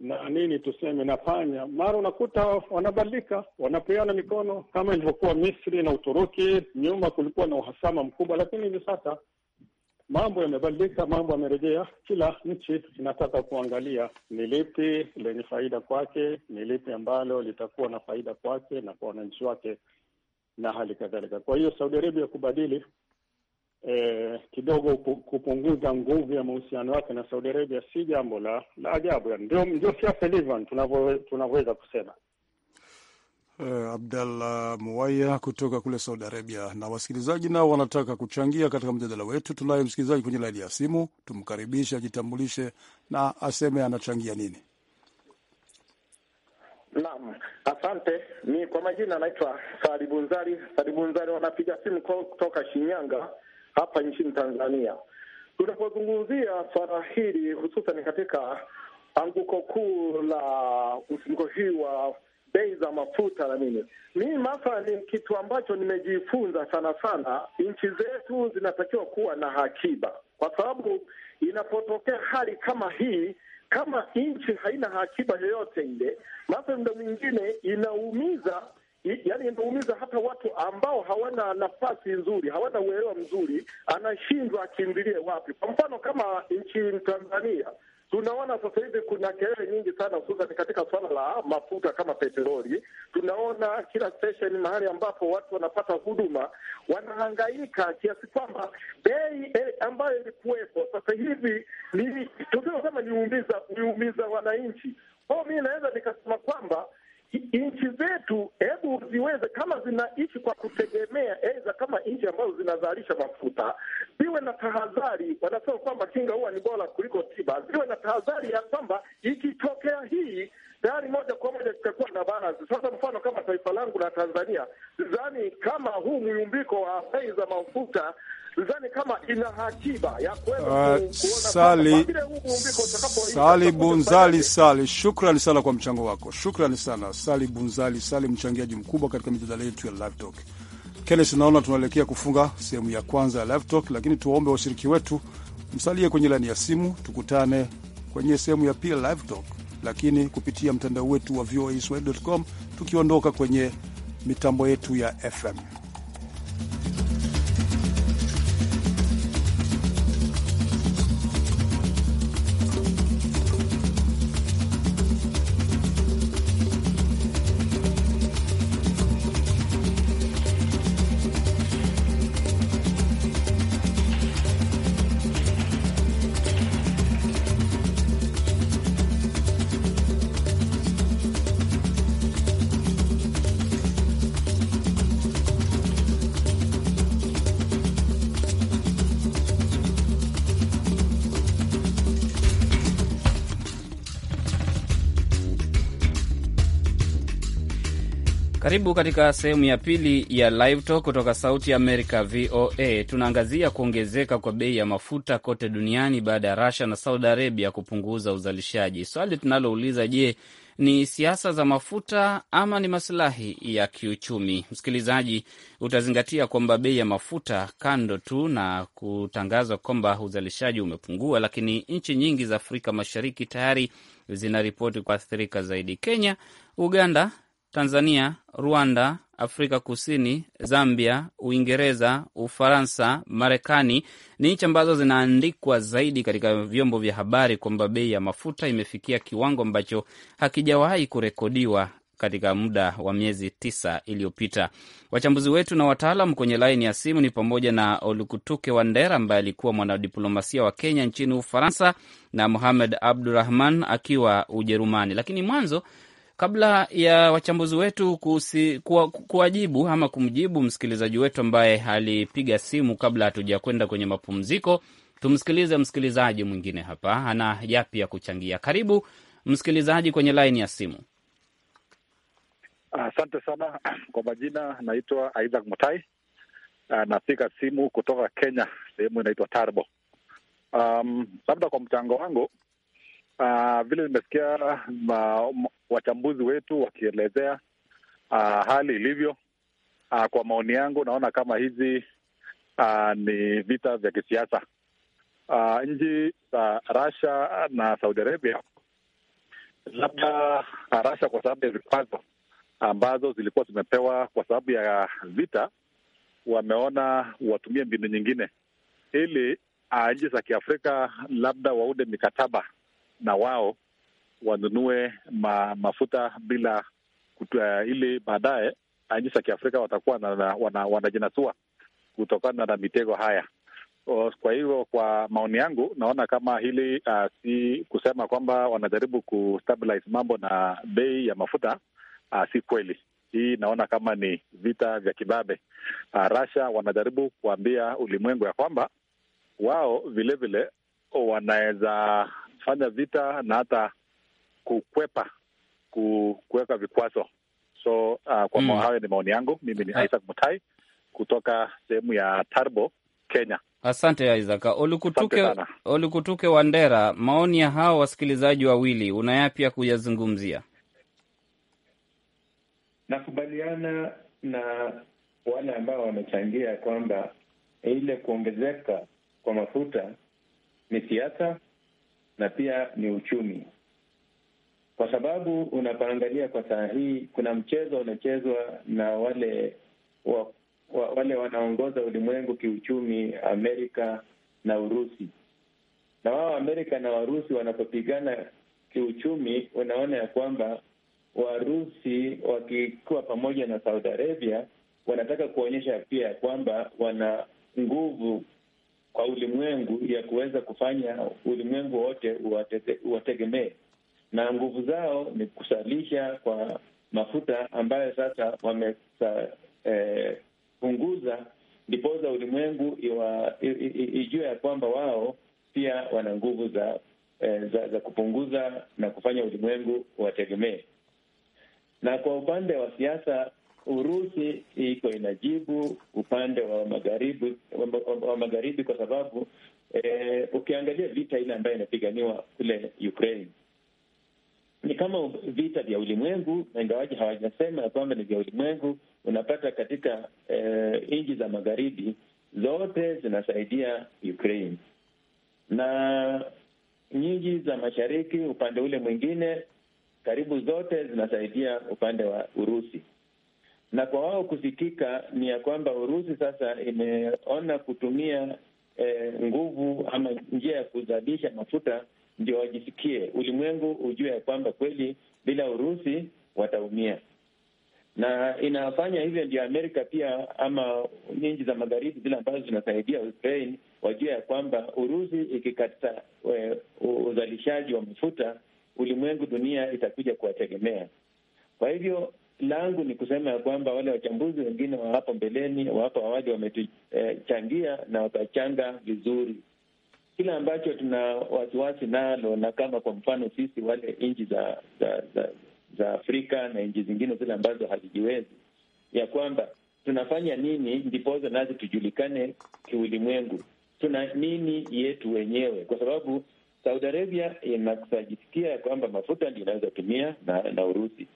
na nini tuseme na panya, mara unakuta wanabadilika, wanapeana mikono kama ilivyokuwa Misri na Uturuki. Nyuma kulikuwa na uhasama mkubwa, lakini hivi sasa mambo yamebadilika, mambo yamerejea. Kila nchi inataka kuangalia ni lipi lenye faida kwake, ni lipi ambalo litakuwa na faida kwake na kwa wananchi wake na hali kadhalika. Kwa hiyo Saudi Arabia kubadili eh, kidogo kupunguza nguvu ya mahusiano yake na Saudi Arabia si jambo la la ajabu, ndio ndio siasa ilivyo, tunavyoweza kusema. Uh, Abdallah Muwaya kutoka kule Saudi Arabia. Na wasikilizaji nao wanataka kuchangia katika mjadala wetu. Tunaye msikilizaji kwenye laini ya simu, tumkaribishe, ajitambulishe na aseme anachangia nini. Naam, asante. Ni kwa majina anaitwa Salibunzari. Salibunzari wanapiga simu kutoka Shinyanga hapa nchini Tanzania. Tunapozungumzia swala hili hususan katika anguko kuu la mfumuko hii wa bei za mafuta na nini, mimi mafa ni kitu ambacho nimejifunza sana sana. Nchi zetu zinatakiwa kuwa na hakiba, kwa sababu inapotokea hali kama hii, kama nchi haina hakiba yoyote ile, mafa muda mwingine inaumiza yani yaani inaumiza hata watu ambao hawana nafasi nzuri, hawana uelewa mzuri, anashindwa akimbilie wapi. Kwa mfano kama nchini Tanzania tunaona sasa hivi kuna kelele nyingi sana hususani katika suala la mafuta kama petroli. Tunaona kila stesheni mahali ambapo watu wanapata huduma wanahangaika kiasi kwamba bei eh, ambayo ilikuwepo sasa hivi tunasema niumiza niumiza wananchi kwao. Mi naweza nikasema kwamba nchi zetu, hebu ziweze kama zinaishi kwa kutegemea eza, kama nchi ambazo zinazalisha mafuta ziwe na tahadhari. Wanasema kwamba kinga huwa ni bora kuliko tiba, ziwe na tahadhari ya kwamba ikitokea hii tayari moja kwa moja tutakuwa na balance. Sasa mfano kama taifa langu la Tanzania, sidhani kama huu mwiumbiko wa bei za mafuta sidhani kama ina hakiba ya ah, kuweza Sali Bunzali Sali, shukrani sana kwa mchango wako, shukrani sana Sali Bunzali Sali, mchangiaji mkubwa katika mijadala yetu ya Live Talk. Kenneth, naona tunaelekea kufunga sehemu ya kwanza ya Live Talk, lakini tuwaombe washiriki wetu msalie kwenye laini ya simu, tukutane kwenye sehemu ya pili Live Talk lakini kupitia mtandao wetu wa voaswahili.com, tukiondoka kwenye mitambo yetu ya FM. Karibu katika sehemu ya pili ya Live Talk kutoka Sauti america Amerika, VOA. Tunaangazia kuongezeka kwa bei ya mafuta kote duniani baada ya Rusia na Saudi Arabia kupunguza uzalishaji. Swali tunalouliza, je, ni siasa za mafuta ama ni masilahi ya kiuchumi? Msikilizaji, utazingatia kwamba bei ya mafuta, kando tu na kutangazwa kwamba uzalishaji umepungua, lakini nchi nyingi za Afrika Mashariki tayari zinaripoti kuathirika zaidi. Kenya, Uganda Tanzania, Rwanda, Afrika Kusini, Zambia, Uingereza, Ufaransa, Marekani ni nchi ambazo zinaandikwa zaidi katika vyombo vya habari kwamba bei ya mafuta imefikia kiwango ambacho hakijawahi kurekodiwa katika muda wa miezi tisa iliyopita. Wachambuzi wetu na wataalam kwenye laini ya simu ni pamoja na Olukutuke Wandera ambaye alikuwa mwanadiplomasia wa Kenya nchini Ufaransa na muhamed Abdurahman akiwa Ujerumani. Lakini mwanzo Kabla ya wachambuzi wetu kusi, kuwa, kuwajibu ama kumjibu msikilizaji wetu ambaye alipiga simu kabla hatujakwenda kwenye mapumziko, tumsikilize msikilizaji mwingine hapa, ana yapi ya kuchangia. Karibu msikilizaji kwenye laini ya simu. Asante sana kwa majina, naitwa Isaac Mutai, ah, napiga simu kutoka Kenya, sehemu inaitwa Tarbo. Um, labda kwa mchango wangu Uh, vile nimesikia wachambuzi wetu wakielezea uh, hali ilivyo uh, kwa maoni yangu naona kama hizi uh, ni vita vya kisiasa uh, nchi za uh, rasha na Saudi Arabia, labda uh, rasha kwa sababu ya vikwazo ambazo zilikuwa zimepewa kwa sababu ya vita, wameona watumie mbinu nyingine ili uh, nchi za Kiafrika labda waunde mikataba na wao wanunue ma, mafuta bila kutua, eh, ili baadaye nchi za Kiafrika watakuwa wanajinasua wana kutokana na mitego haya. Kwa hivyo kwa maoni yangu, naona kama hili uh, si kusema kwamba wanajaribu kustabilize mambo na bei ya mafuta uh, si kweli. Hii naona kama ni vita vya kibabe. Uh, Russia wanajaribu kuambia ulimwengu ya kwamba wao vilevile wanaweza kufanya vita na hata kukwepa kuweka vikwazo. So uh, kwa mm. hayo ni maoni yangu. Mimi ni Isaac Mutai kutoka sehemu ya Tarbo, Kenya. Asante Isaac Olukutuke. Asante Olukutuke Wandera, maoni ya hawa wasikilizaji wawili unayapya kuyazungumzia? Nakubaliana na wale ambao wamechangia kwamba ile kuongezeka kwa mafuta ni siasa na pia ni uchumi, kwa sababu unapoangalia kwa saa hii kuna mchezo unachezwa na wale wa, wa, wale wanaongoza ulimwengu kiuchumi, Amerika na Urusi. Na wao Amerika na Warusi wanapopigana kiuchumi, unaona ya kwamba Warusi wakikuwa pamoja na Saudi Arabia wanataka kuonyesha pia ya kwamba wana nguvu kwa ulimwengu ya kuweza kufanya ulimwengu wote uwategemee, na nguvu zao ni kusalisha kwa mafuta ambayo sasa wamepunguza eh, ndipoza ulimwengu ijue ya kwamba wao pia wana nguvu za, eh, za za kupunguza na kufanya ulimwengu wategemee. Na kwa upande wa siasa Urusi iko inajibu upande wa magharibi wa magharibi, kwa sababu eh, ukiangalia vita ile ambayo inapiganiwa kule Ukraine ni kama vita vya ulimwengu, na ingawaji hawajasema ya kwamba ni vya ulimwengu. Unapata katika eh, nchi za magharibi zote zinasaidia Ukraine na nyingi za mashariki upande ule mwingine karibu zote zinasaidia upande wa Urusi na kwa wao kusikika ni ya kwamba Urusi sasa imeona kutumia eh, nguvu ama njia ya kuzalisha mafuta ndio wajisikie, ulimwengu ujue ya kwamba kweli bila Urusi wataumia, na inafanya hivyo ndio Amerika pia ama nchi za magharibi zile ambazo zinasaidia Ukraine wajue ya kwamba Urusi ikikata eh, uzalishaji wa mafuta ulimwengu, dunia itakuja kuwategemea. Kwa hivyo langu ni kusema ya kwamba wale wachambuzi wengine wa hapo mbeleni wa hapo awali wametuchangia na wakachanga vizuri kile ambacho tuna wasiwasi nalo, na kama kwa mfano sisi wale nchi za za, za za Afrika na nchi zingine zile ambazo hazijiwezi, ya kwamba tunafanya nini ndipoza nazi tujulikane kiulimwengu, tuna nini yetu wenyewe, kwa sababu Saudi Arabia inasajisikia ya kwamba mafuta ndio inaweza tumia na, na Urusi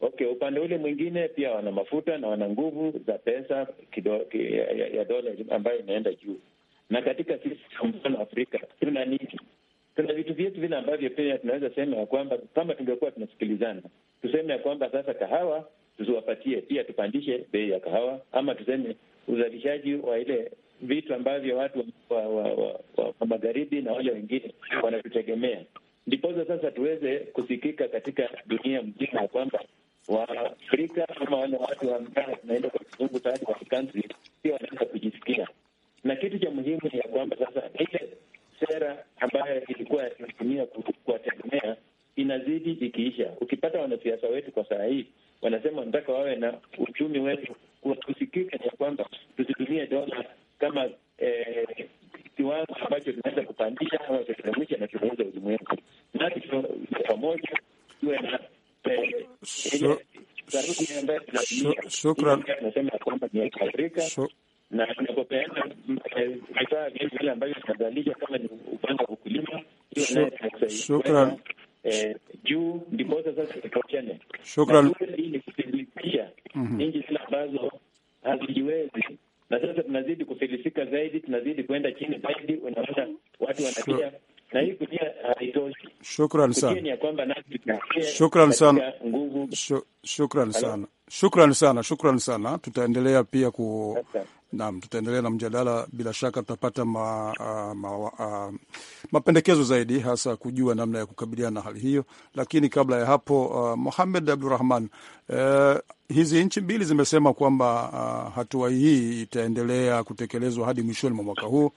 Okay, upande ule mwingine pia wana mafuta na wana nguvu za pesa kido, ki, ya, ya dola ambayo inaenda juu, na katika sisi kwa mfano Afrika tuna nini? Tuna vitu vyetu vile ambavyo pia tunaweza sema ya kwamba kama tungekuwa tunasikilizana, tuseme ya kwamba sasa kahawa tusiwapatie, pia tupandishe bei ya kahawa, ama tuseme uzalishaji wa ile vitu ambavyo watu wa, wa, wa, wa, wa magharibi na wale wengine wanatutegemea, ndipo sasa tuweze kusikika katika dunia mzima ya kwamba Waafrika ama wale watu wamkana tunaenda kwa kizungu tani wa country pia wanaweza kujisikia, na kitu cha muhimu ni ya kwamba sasa ile sera ambayo ilikuwa yakitumia kuwategemea inazidi ikiisha. Ukipata wanasiasa wetu kwa saa hii wanasema wanataka wawe na uchumi wetu tusikike, ni ya kwamba tusitumie dola kama eh, kiwango ambacho tunaweza kupandisha ama kuteremsha na kuuza ulimwengu, nasi pamoja tuwe na Shukran, nasema kwamba niweka Afrika na tunapopeana vifaa vyetu vile ambavyo tunazalisha kama ni upande wa ukulima, hiyo naye tunasaidia juu, ndiposa sasa tutoshane. Shukran, hii ni kufilisisha nchi zile ambazo hazijiwezi, na sasa tunazidi kufilisika zaidi, tunazidi kuenda chini zaidi, unaona watu wanalia na hii uh, haitoshi. Shukran sana, shukran sana, shukran sana, shukran sana, shukran sana. Tutaendelea pia ku naam, tutaendelea na mjadala bila shaka, tutapata ma, uh, ma, uh, mapendekezo zaidi, hasa kujua namna ya kukabiliana na hali hiyo. Lakini kabla ya hapo, uh, Mohamed Abdurahman, uh, hizi nchi mbili zimesema kwamba uh, hatua hii itaendelea kutekelezwa hadi mwishoni mwa mwaka huu.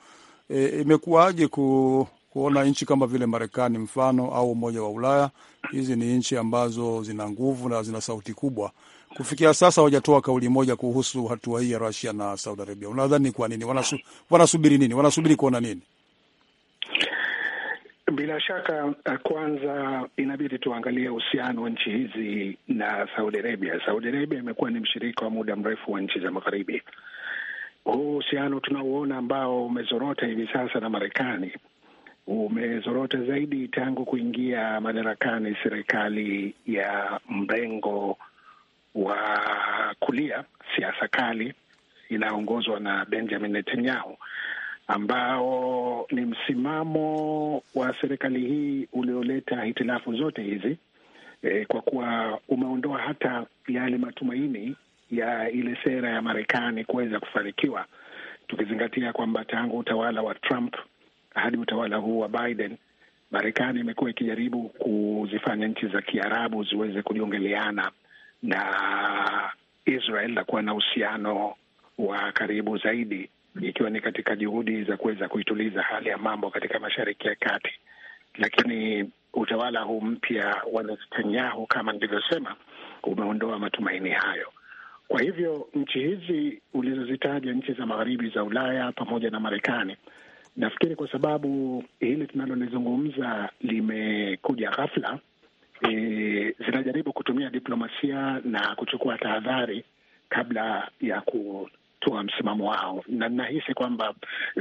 E, imekuwaje ku kuona nchi kama vile Marekani mfano au Umoja wa Ulaya. Hizi ni nchi ambazo zina nguvu na zina sauti kubwa. Kufikia sasa hawajatoa kauli moja kuhusu hatua hii ya rasia na Saudi Arabia. Unadhani kwa nini? Wanasu, wanasubiri nini? Wanasubiri kuona nini? Bila shaka eh, kwanza, inabidi tuangalie uhusiano wa nchi hizi na Saudi Arabia. Saudi Arabia imekuwa ni mshirika wa muda mrefu wa nchi za Magharibi. Huu uhusiano tunauona ambao umezorota hivi sasa na Marekani umezorota zaidi tangu kuingia madarakani serikali ya mrengo wa kulia, siasa kali inayoongozwa na Benjamin Netanyahu, ambao ni msimamo wa serikali hii ulioleta hitilafu zote hizi e, kwa kuwa umeondoa hata yale matumaini ya ile sera ya Marekani kuweza kufanikiwa, tukizingatia kwamba tangu utawala wa Trump hadi utawala huu wa Biden, Marekani imekuwa ikijaribu kuzifanya nchi za Kiarabu ziweze kujiongeleana na Israel na kuwa na uhusiano wa karibu zaidi, ikiwa ni katika juhudi za kuweza kuituliza hali ya mambo katika Mashariki ya Kati. Lakini utawala huu mpya wa Netanyahu, kama nilivyosema, umeondoa matumaini hayo. Kwa hivyo nchi hizi ulizozitaja, nchi za magharibi za Ulaya pamoja na Marekani, Nafikiri kwa sababu hili tunalolizungumza limekuja ghafla, e, zinajaribu kutumia diplomasia na kuchukua tahadhari kabla ya kutoa msimamo wao, na nahisi kwamba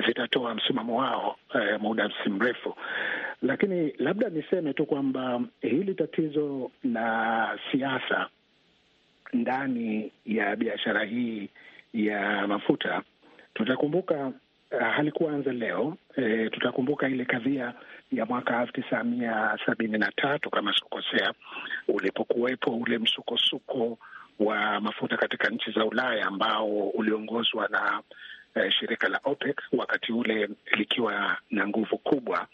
zitatoa msimamo wao e, muda si mrefu. Lakini labda niseme tu kwamba hili tatizo la siasa ndani ya biashara hii ya mafuta, tutakumbuka Eh, halikuanza leo. E, tutakumbuka ile kadhia ya mwaka elfu tisa mia sabini na tatu kama sikukosea, ulipokuwepo ule msukosuko wa mafuta katika nchi za Ulaya ambao uliongozwa na e, shirika la OPEC wakati ule likiwa na nguvu kubwa,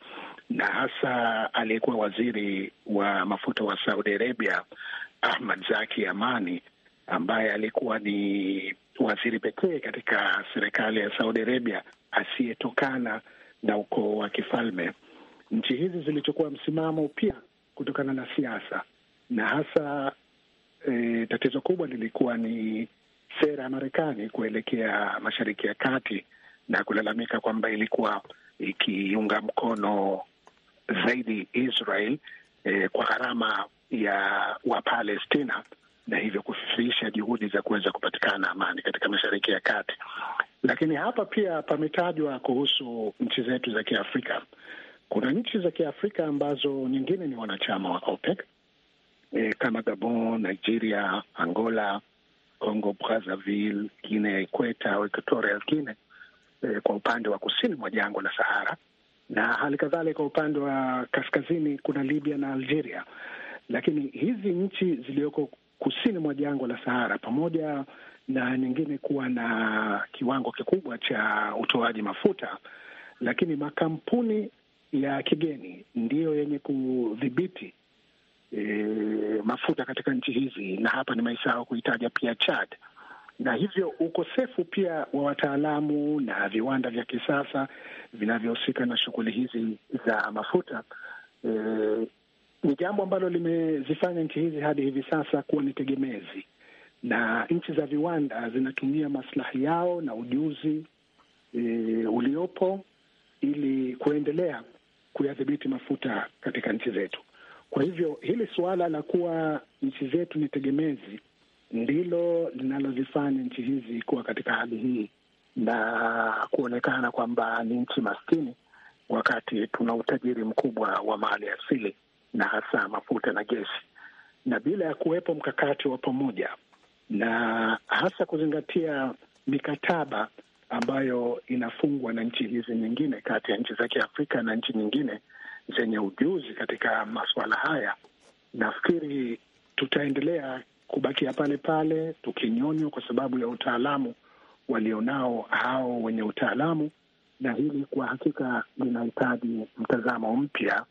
na hasa aliyekuwa waziri wa mafuta wa Saudi Arabia Ahmad Zaki Amani ambaye alikuwa ni waziri pekee katika serikali ya Saudi Arabia asiyetokana na ukoo wa kifalme. Nchi hizi zilichukua msimamo pia kutokana na siasa, na hasa e, tatizo kubwa lilikuwa ni sera ya Marekani kuelekea Mashariki ya Kati na kulalamika kwamba ilikuwa ikiunga mkono zaidi Israel e, kwa gharama ya Wapalestina na hivyo kufilisha juhudi za kuweza kupatikana amani katika Mashariki ya Kati. Lakini hapa pia pametajwa kuhusu nchi zetu za Kiafrika. Kuna nchi za Kiafrika ambazo nyingine ni wanachama wa OPEC e, kama Gabon, Nigeria, Angola, Congo Brazzaville, Guinea Ikweta au Equatorial Guinea e, kwa upande wa kusini mwa jangwa la Sahara na hali kadhalika upande wa kaskazini kuna Libya na Algeria. Lakini hizi nchi zilioko kusini mwa jangwa la Sahara, pamoja na nyingine kuwa na kiwango kikubwa cha utoaji mafuta, lakini makampuni ya kigeni ndiyo yenye kudhibiti e, mafuta katika nchi hizi, na hapa nimeisahau kuitaja pia Chad na hivyo ukosefu pia wa wataalamu na viwanda vya kisasa vinavyohusika na shughuli hizi za mafuta e, ni jambo ambalo limezifanya nchi hizi hadi hivi sasa kuwa ni tegemezi, na nchi za viwanda zinatumia maslahi yao na ujuzi e, uliopo ili kuendelea kuyadhibiti mafuta katika nchi zetu. Kwa hivyo hili suala la kuwa nchi zetu ni tegemezi ndilo linalozifanya nchi hizi kuwa katika hali hii na kuonekana kwamba ni nchi maskini, wakati tuna utajiri mkubwa wa mali asili na hasa mafuta na gesi, na bila ya kuwepo mkakati wa pamoja na hasa kuzingatia mikataba ambayo inafungwa na nchi hizi nyingine, kati ya nchi za Kiafrika na nchi nyingine zenye ujuzi katika masuala haya, nafikiri tutaendelea kubakia pale pale tukinyonywa kwa sababu ya utaalamu walionao hao wenye utaalamu, na hili kwa hakika linahitaji mtazamo mpya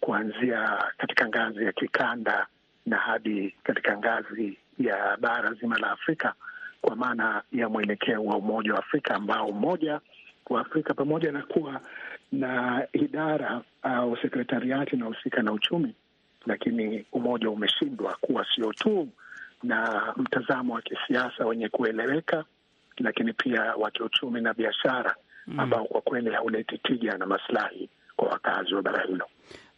kuanzia katika ngazi ya kikanda na hadi katika ngazi ya bara zima la Afrika kwa maana ya mwelekeo wa Umoja wa Afrika ambao Umoja wa Afrika pamoja na kuwa na idara au sekretariati inahusika na uchumi, lakini umoja umeshindwa kuwa sio tu na mtazamo wa kisiasa wenye kueleweka, lakini pia wa kiuchumi na biashara mm. ambao kwa kweli hauleti tija na maslahi kwa wakazi wa bara hilo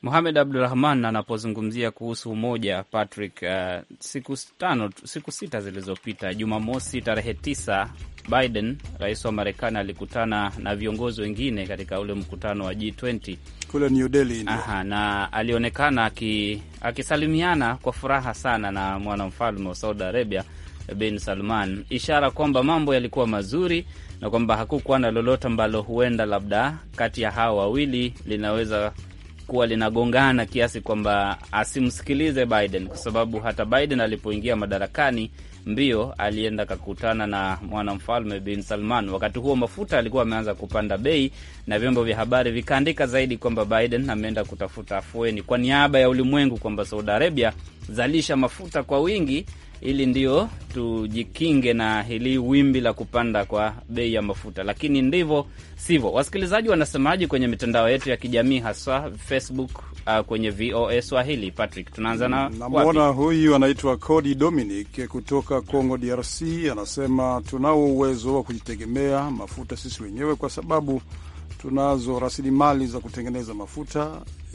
muhamed Abdurahman anapozungumzia kuhusu umoja Patrick, uh, siku tano, siku sita zilizopita Jumamosi tarehe tisa, Biden rais wa Marekani alikutana na viongozi wengine katika ule mkutano wa G20 kule New Delhi. Aha, na alionekana akisalimiana kwa furaha sana na mwanamfalme wa Saudi Arabia bin Salman, ishara kwamba mambo yalikuwa mazuri na kwamba hakukuwa na lolote ambalo huenda labda kati ya hawa wawili linaweza kuwa linagongana kiasi kwamba asimsikilize Biden, kwa sababu hata Biden alipoingia madarakani mbio alienda kakutana na mwanamfalme bin Salman. Wakati huo mafuta alikuwa ameanza kupanda bei, na vyombo vya habari vikaandika zaidi kwamba Biden ameenda kutafuta afueni kwa niaba ya ulimwengu, kwamba Saudi Arabia zalisha mafuta kwa wingi ili ndio tujikinge na hili wimbi la kupanda kwa bei ya mafuta, lakini ndivyo sivyo. Wasikilizaji wanasemaje kwenye mitandao yetu ya kijamii, haswa Facebook uh, kwenye VOA Swahili? Patrick, tunaanza na mm, namwona huyu anaitwa Cody Dominic kutoka Congo DRC, anasema tunao uwezo wa kujitegemea mafuta sisi wenyewe kwa sababu tunazo rasilimali za kutengeneza mafuta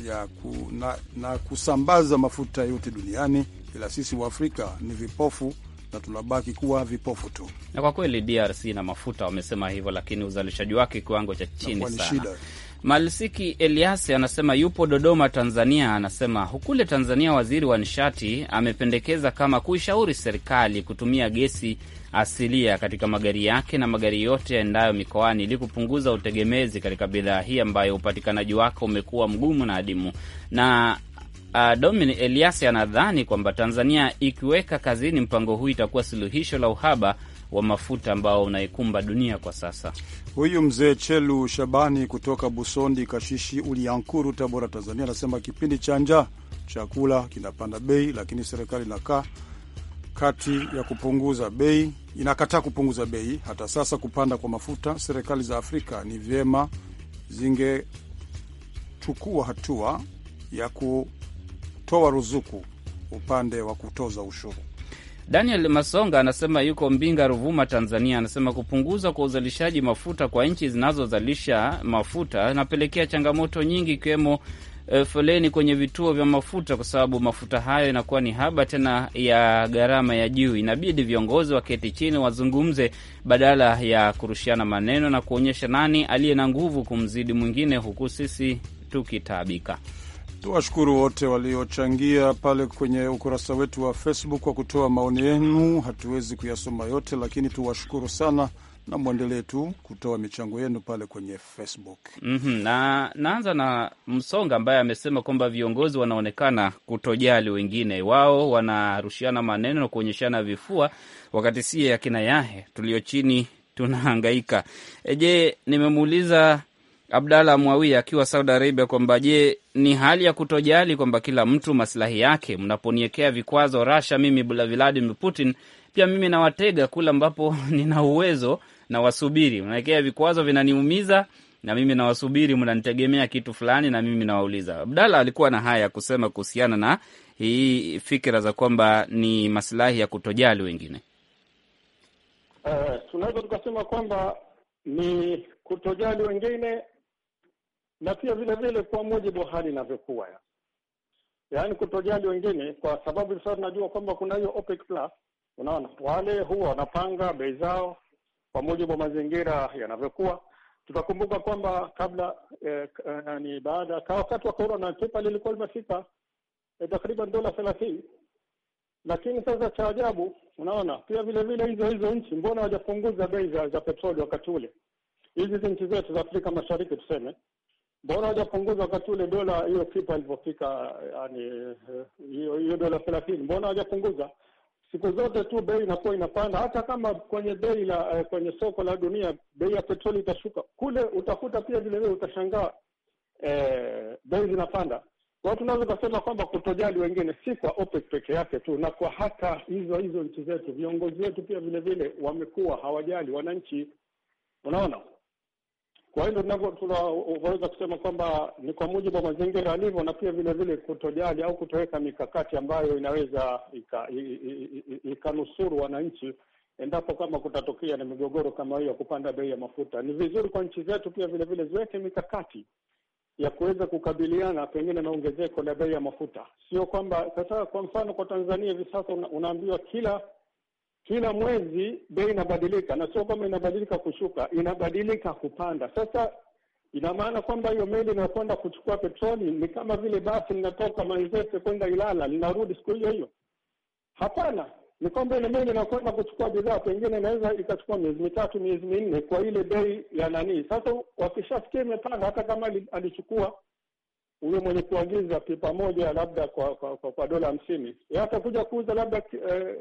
ya ku, na, na kusambaza mafuta yote duniani ila sisi Waafrika ni vipofu na tunabaki kuwa vipofu tu. Na kwa kweli DRC na mafuta wamesema hivyo, lakini uzalishaji wake kiwango cha chini sana. Malisiki Eliasi anasema yupo Dodoma, Tanzania. Anasema hukule Tanzania, waziri wa nishati amependekeza kama kuishauri serikali kutumia gesi asilia katika magari yake na magari yote yaendayo mikoani ili kupunguza utegemezi katika bidhaa hii ambayo upatikanaji wake umekuwa mgumu na adimu na uh, Elias anadhani kwamba Tanzania ikiweka kazini mpango huu itakuwa suluhisho la uhaba wa mafuta ambao unaikumba dunia kwa sasa. Huyu mzee Chelu Shabani kutoka Busondi Kashishi Uliankuru, Tabora, Tanzania, anasema kipindi cha njaa chakula kinapanda bei, lakini serikali inakaa kati ya kupunguza bei, inakataa kupunguza bei. Hata sasa kupanda kwa mafuta, serikali za Afrika ni vyema zingechukua hatua ya ku kutoa ruzuku upande wa kutoza ushuru. Daniel Masonga anasema yuko Mbinga, Ruvuma, Tanzania. Anasema kupunguza kwa uzalishaji mafuta kwa nchi zinazozalisha mafuta napelekea changamoto nyingi, ikiwemo e, foleni kwenye vituo vya mafuta, kwa sababu mafuta hayo inakuwa ni haba tena ya gharama ya juu. Inabidi viongozi waketi chini wazungumze, badala ya kurushiana maneno na kuonyesha nani aliye na nguvu kumzidi mwingine, huku sisi tukitaabika Tuwashukuru wote waliochangia pale kwenye ukurasa wetu wa Facebook kwa kutoa maoni yenu. Hatuwezi kuyasoma yote, lakini tuwashukuru sana na mwendelee tu kutoa michango yenu pale kwenye Facebook. mm -hmm. Na naanza na Msonga ambaye amesema kwamba viongozi wanaonekana kutojali wengine, wao wanarushiana maneno na kuonyeshana vifua, wakati sie akina yahe tulio chini tunahangaika. E, je, nimemuuliza abdalah mwawi akiwa Saudi Arabia kwamba je, ni hali ya kutojali kwamba kila mtu maslahi yake? Mnaponiekea vikwazo Rasha, mimi Vladimir Putin, pia mimi nawatega kule ambapo nina uwezo na wasubiri. Mnawekea vikwazo vinaniumiza na mimi nawasubiri, mnanitegemea kitu fulani na mimi nawauliza. abdala alikuwa na haya ya kusema kuhusiana na hii fikira za kwamba ni masilahi ya kutojali wengine. Uh, tunaweza tukasema kwamba ni kutojali wengine na pia vile vile kwa mujibu wa hali inavyokuwa ya. Yaani kutojali wengine, kwa sababu sasa tunajua kwamba kuna hiyo OPEC plus, unaona wale huwa wanapanga bei zao kwa mujibu wa mazingira yanavyokuwa. Tutakumbuka kwamba kabla eh, eh ni baada ka wakati wa corona pipa lilikuwa limefika eh, takriban dola 30. lakini sasa cha ajabu unaona pia vile vile hizo hizo nchi mbona hawajapunguza bei za petroli wakati ule? Hizi nchi zetu za Afrika Mashariki tuseme Mbona hajapunguza wakati ule dola hiyo pipa ilivyofika yani hiyo hiyo dola thelathini, mbona hajapunguza Siku zote tu bei inakuwa inapanda, hata kama kwenye bei la eh, kwenye soko la dunia bei ya petroli itashuka, kule utakuta pia vile vile utashangaa eh, bei zinapanda. kwao tunaweza kusema kwamba kutojali wengine si kwa OPEC peke yake tu, na kwa hata hizo hizo nchi zetu, viongozi wetu pia vile vile wamekuwa hawajali wananchi, unaona kwa hiyo ndio tunaweza kusema kwamba ni kwa mujibu wa mazingira yalivyo, na pia vile vile kutojali au kutoweka mikakati ambayo inaweza ikanusuru wananchi endapo kama kutatokea na migogoro kama hiyo ya kupanda bei ya mafuta. Ni vizuri kwa nchi zetu pia vile vile ziweke mikakati ya kuweza kukabiliana pengine na ongezeko la bei ya mafuta, sio kwamba sasa, kwa mfano, kwa Tanzania hivi sasa una, unaambiwa kila kila mwezi bei inabadilika, na sio kama inabadilika kushuka, inabadilika kupanda. Sasa ina maana kwamba hiyo meli inayokwenda kuchukua petroli ni kama vile basi linatoka Manzese kwenda Ilala linarudi siku hiyo hiyo? Hapana, ni kwamba ile meli inakwenda kuchukua bidhaa, pengine inaweza ikachukua miezi mitatu, miezi minne, kwa ile bei ya nanii Sasa wakishafikia imepanda, hata kama alichukua huyo mwenye kuagiza pipa moja labda kwa kwa, kwa, kwa dola hamsini yeye atakuja kuuza labda eh,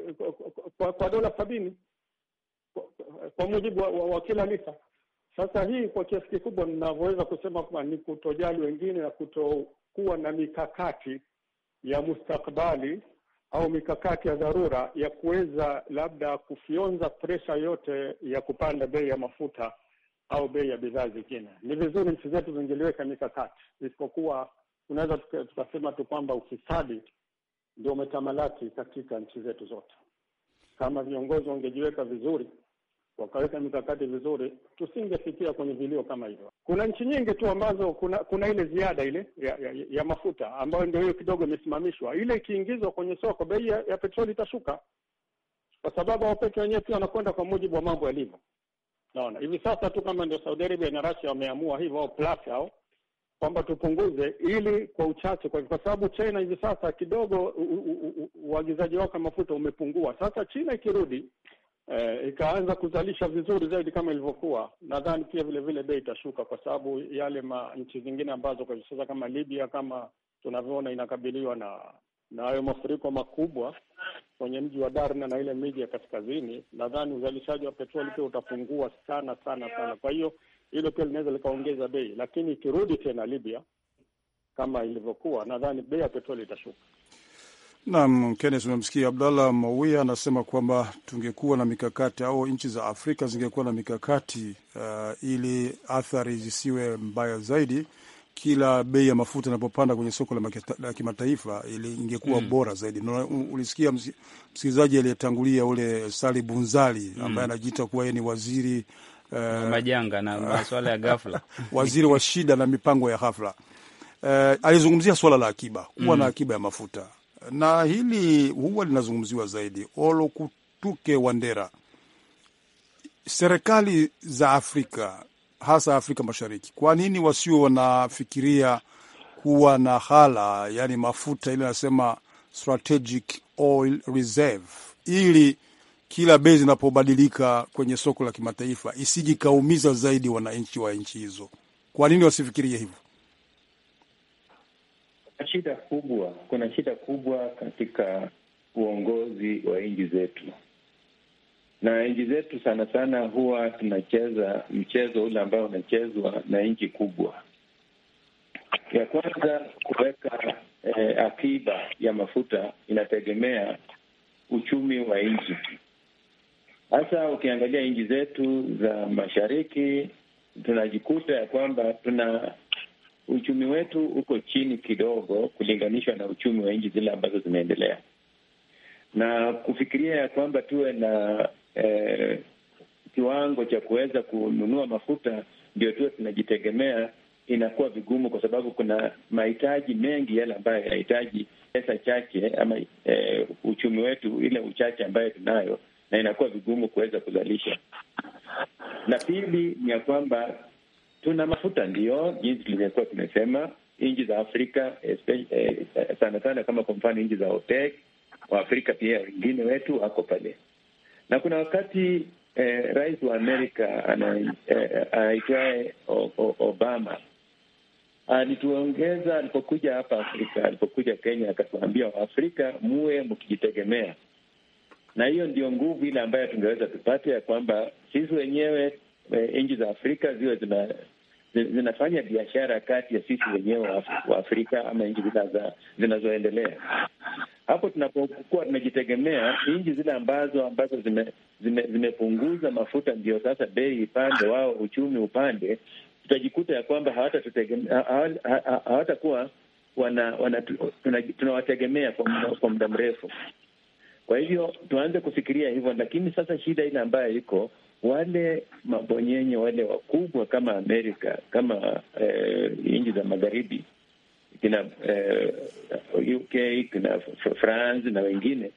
kwa, kwa dola sabini kwa, kwa mujibu wa, wa, wa kila lita. Sasa hii kwa kiasi kikubwa ninavyoweza kusema kwamba ni kutojali wengine na kutokuwa na mikakati ya mustakbali au mikakati ya dharura ya kuweza labda kufyonza presha yote ya kupanda bei ya mafuta au bei ya bidhaa zingine. Ni vizuri nchi zetu zingeliweka mikakati, isipokuwa tunaweza tukasema tu kwamba ufisadi ndio umetamalaki katika nchi zetu zote. Kama viongozi wangejiweka vizuri, wakaweka mikakati vizuri, tusingefikia kwenye vilio kama hivyo. Kuna nchi nyingi tu ambazo kuna kuna ile ziada ile ya, ya, ya mafuta ambayo ndio hiyo kidogo imesimamishwa. Ile ikiingizwa kwenye soko, bei ya, ya petroli itashuka, kwa sababu wapeke wenyewe pia wanakwenda kwa mujibu wa mambo yalivyo. Naona hivi sasa tu kama ndio Saudi Arabia na Russia wameamua hivyo plus hao kwamba tupunguze ili kwa uchache, kwa sababu China hivi sasa kidogo uagizaji wake mafuta umepungua. Sasa China ikirudi eh, ikaanza kuzalisha vizuri zaidi kama ilivyokuwa, nadhani pia vile vile bei itashuka, kwa sababu yale ma nchi zingine ambazo kwa sasa kama Libya, kama tunavyoona inakabiliwa na na hayo mafuriko makubwa kwenye mji wa Darna na ile miji ya kaskazini, nadhani uzalishaji wa petroli pia utapungua sana sana sana. Kwa hiyo hilo pia linaweza likaongeza bei, lakini ikirudi tena Libya kama ilivyokuwa, nadhani bei ya petroli itashuka. Naam, Kenneth, unamsikia Abdallah Mawia anasema kwamba tungekuwa na mikakati au nchi za Afrika zingekuwa na mikakati uh, ili athari zisiwe mbaya zaidi kila bei ya mafuta inapopanda kwenye soko la, la kimataifa ingekuwa mm. bora zaidi. Na ulisikia msikilizaji aliyetangulia ule Sali Bunzali mm. ambaye mm. anajiita kuwa yeye ni waziri uh, majanga na masuala ya ghafla waziri wa shida na mipango ya ghafla uh, alizungumzia swala la akiba kuwa mm. na akiba ya mafuta, na hili huwa linazungumziwa zaidi. Olokutuke Wandera, serikali za Afrika hasa Afrika Mashariki. Kwa nini wasio wanafikiria kuwa na hala, yani mafuta ile anasema strategic oil reserve, ili kila bei zinapobadilika kwenye soko la kimataifa isijikaumiza zaidi wananchi wa nchi hizo? Kwa nini wasifikirie hivyo? Shida kubwa, kuna shida kubwa katika uongozi wa nchi zetu na nchi zetu sana sana huwa tunacheza mchezo ule ambao unachezwa na nchi kubwa. Ya kwanza kuweka eh, akiba ya mafuta inategemea uchumi wa nchi. Hasa ukiangalia nchi zetu za mashariki, tunajikuta ya kwamba tuna uchumi wetu uko chini kidogo kulinganishwa na uchumi wa nchi zile ambazo zinaendelea, na kufikiria ya kwamba tuwe na eh, kiwango cha kuweza kununua mafuta ndio tuwe tunajitegemea, inakuwa vigumu, kwa sababu kuna mahitaji mengi yale ambayo yanahitaji pesa chache ama eh, uchumi wetu ile uchache ambayo tunayo, na inakuwa vigumu kuweza kuzalisha. La pili ni ya kwamba tuna mafuta ndio, jinsi tulivyokuwa tumesema, nchi za Afrika eh, sana sana kama kwa mfano nchi za OPEC, Waafrika pia wengine wetu wako pale na kuna wakati eh, rais wa Amerika anaitwaye eh, Obama alituongeza alipokuja hapa Afrika, alipokuja Kenya, akatuambia Waafrika muwe mkijitegemea, na hiyo ndio nguvu ile ambayo tungeweza tupate ya kwamba sisi wenyewe eh, nchi za Afrika ziwe zina zinafanya biashara kati ya sisi wenyewe wa Afrika ama nchi zinazoendelea. Hapo tunapokuwa tunajitegemea, nchi zile ambazo ambazo zimepunguza zime, zime mafuta, ndio sasa bei ipande, wao uchumi upande, tutajikuta ya kwamba hawatakuwa wana, wana, tunawategemea kwa muda mrefu. Kwa hivyo tuanze kufikiria hivyo, lakini sasa shida ile ambayo iko wale mabonyenye wale wakubwa kama Amerika, kama eh, nchi za magharibi kina eh, UK kina France na wengine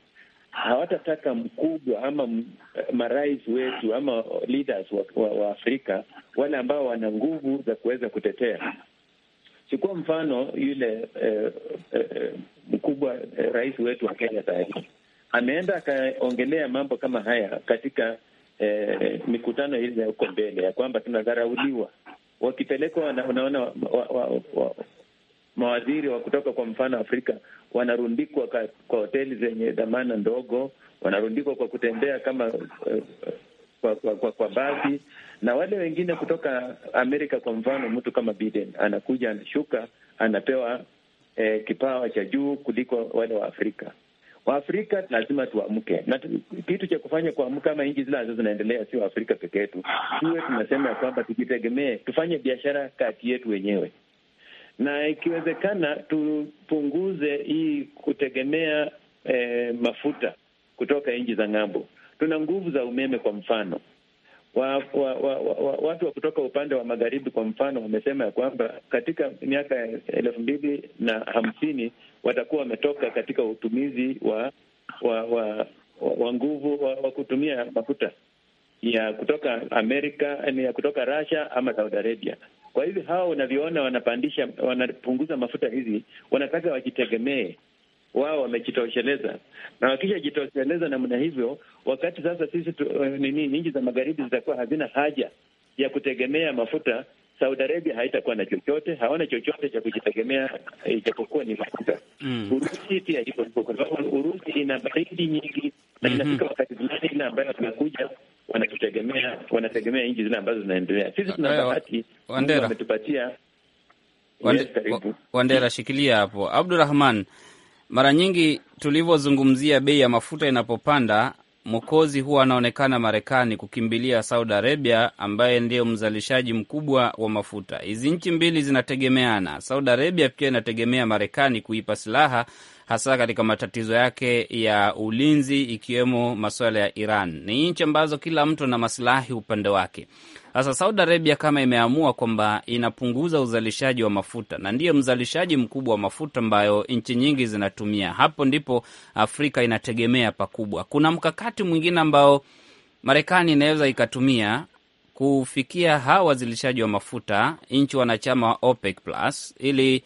hawatataka mkubwa ama marais wetu ama leaders wa, wa, wa Afrika wale ambao wana nguvu za kuweza kutetea. Chukua mfano yule eh, eh, mkubwa eh, rais wetu wa Kenya sahii ameenda akaongelea mambo kama haya katika eh, mikutano ile ya huko mbele ya kwamba tunadharauliwa wakipelekwa, unaona wa, wa, wa, wa, mawaziri wa kutoka kwa mfano Afrika wanarundikwa kwa hoteli zenye dhamana ndogo, wanarundikwa kwa kutembea kama eh, kwa, kwa, kwa, kwa basi na wale wengine kutoka Amerika. Kwa mfano mtu kama Biden anakuja anashuka, anapewa eh, kipawa cha juu kuliko wale wa Afrika. Waafrika lazima tuamke, na kitu cha kufanya kuamka ama nchi zile ambazo zinaendelea, sio Afrika peke yetu, tuwe tunasema ya kwamba tujitegemee, tufanye biashara kati yetu wenyewe, na ikiwezekana tupunguze hii kutegemea eh, mafuta kutoka nchi za ng'ambo. Tuna nguvu za umeme kwa mfano wa, wa, wa, wa, watu wa kutoka upande wa magharibi kwa mfano wamesema ya kwamba katika miaka elfu mbili na hamsini watakuwa wametoka katika utumizi wa wa wa, wa nguvu wa, wa kutumia mafuta ya kutoka Amerika, ya kutoka Russia ama Saudi Arabia. Kwa hivyo hao unavyoona wanapandisha, wanapunguza mafuta hizi, wanataka wajitegemee wao wamejitosheleza, na wakishajitosheleza namna hivyo, wakati sasa sisi eh, nini, nchi za magharibi zitakuwa hazina haja ya kutegemea mafuta Saudi Arabia haitakuwa na chochote, hawana chochote cha kujitegemea ijapokuwa ni mafuta. Mm. Urusi pia hivyo hivyo, kwa sababu Urusi ina baridi nyingi na mhm. inafika mm -hmm. wakati fulani ile ambayo wanakuja wanatutegemea, wanategemea nchi zile ambazo zinaendelea. Sisi tuna bahati, wametupatia Wandera, shikilia hapo Abdurahman. Mara nyingi tulivyozungumzia bei ya mafuta inapopanda, Mokozi huwa anaonekana Marekani kukimbilia Saudi Arabia, ambaye ndiyo mzalishaji mkubwa wa mafuta. Hizi nchi mbili zinategemeana. Saudi Arabia pia inategemea Marekani kuipa silaha, hasa katika matatizo yake ya ulinzi, ikiwemo masuala ya Iran. Ni nchi ambazo kila mtu ana masilahi upande wake. Sasa Saudi Arabia kama imeamua kwamba inapunguza uzalishaji wa mafuta na ndiyo mzalishaji mkubwa wa mafuta ambayo nchi nyingi zinatumia, hapo ndipo Afrika inategemea pakubwa. Kuna mkakati mwingine ambao Marekani inaweza ikatumia kufikia hawa wazalishaji wa mafuta nchi wanachama wa OPEC Plus ili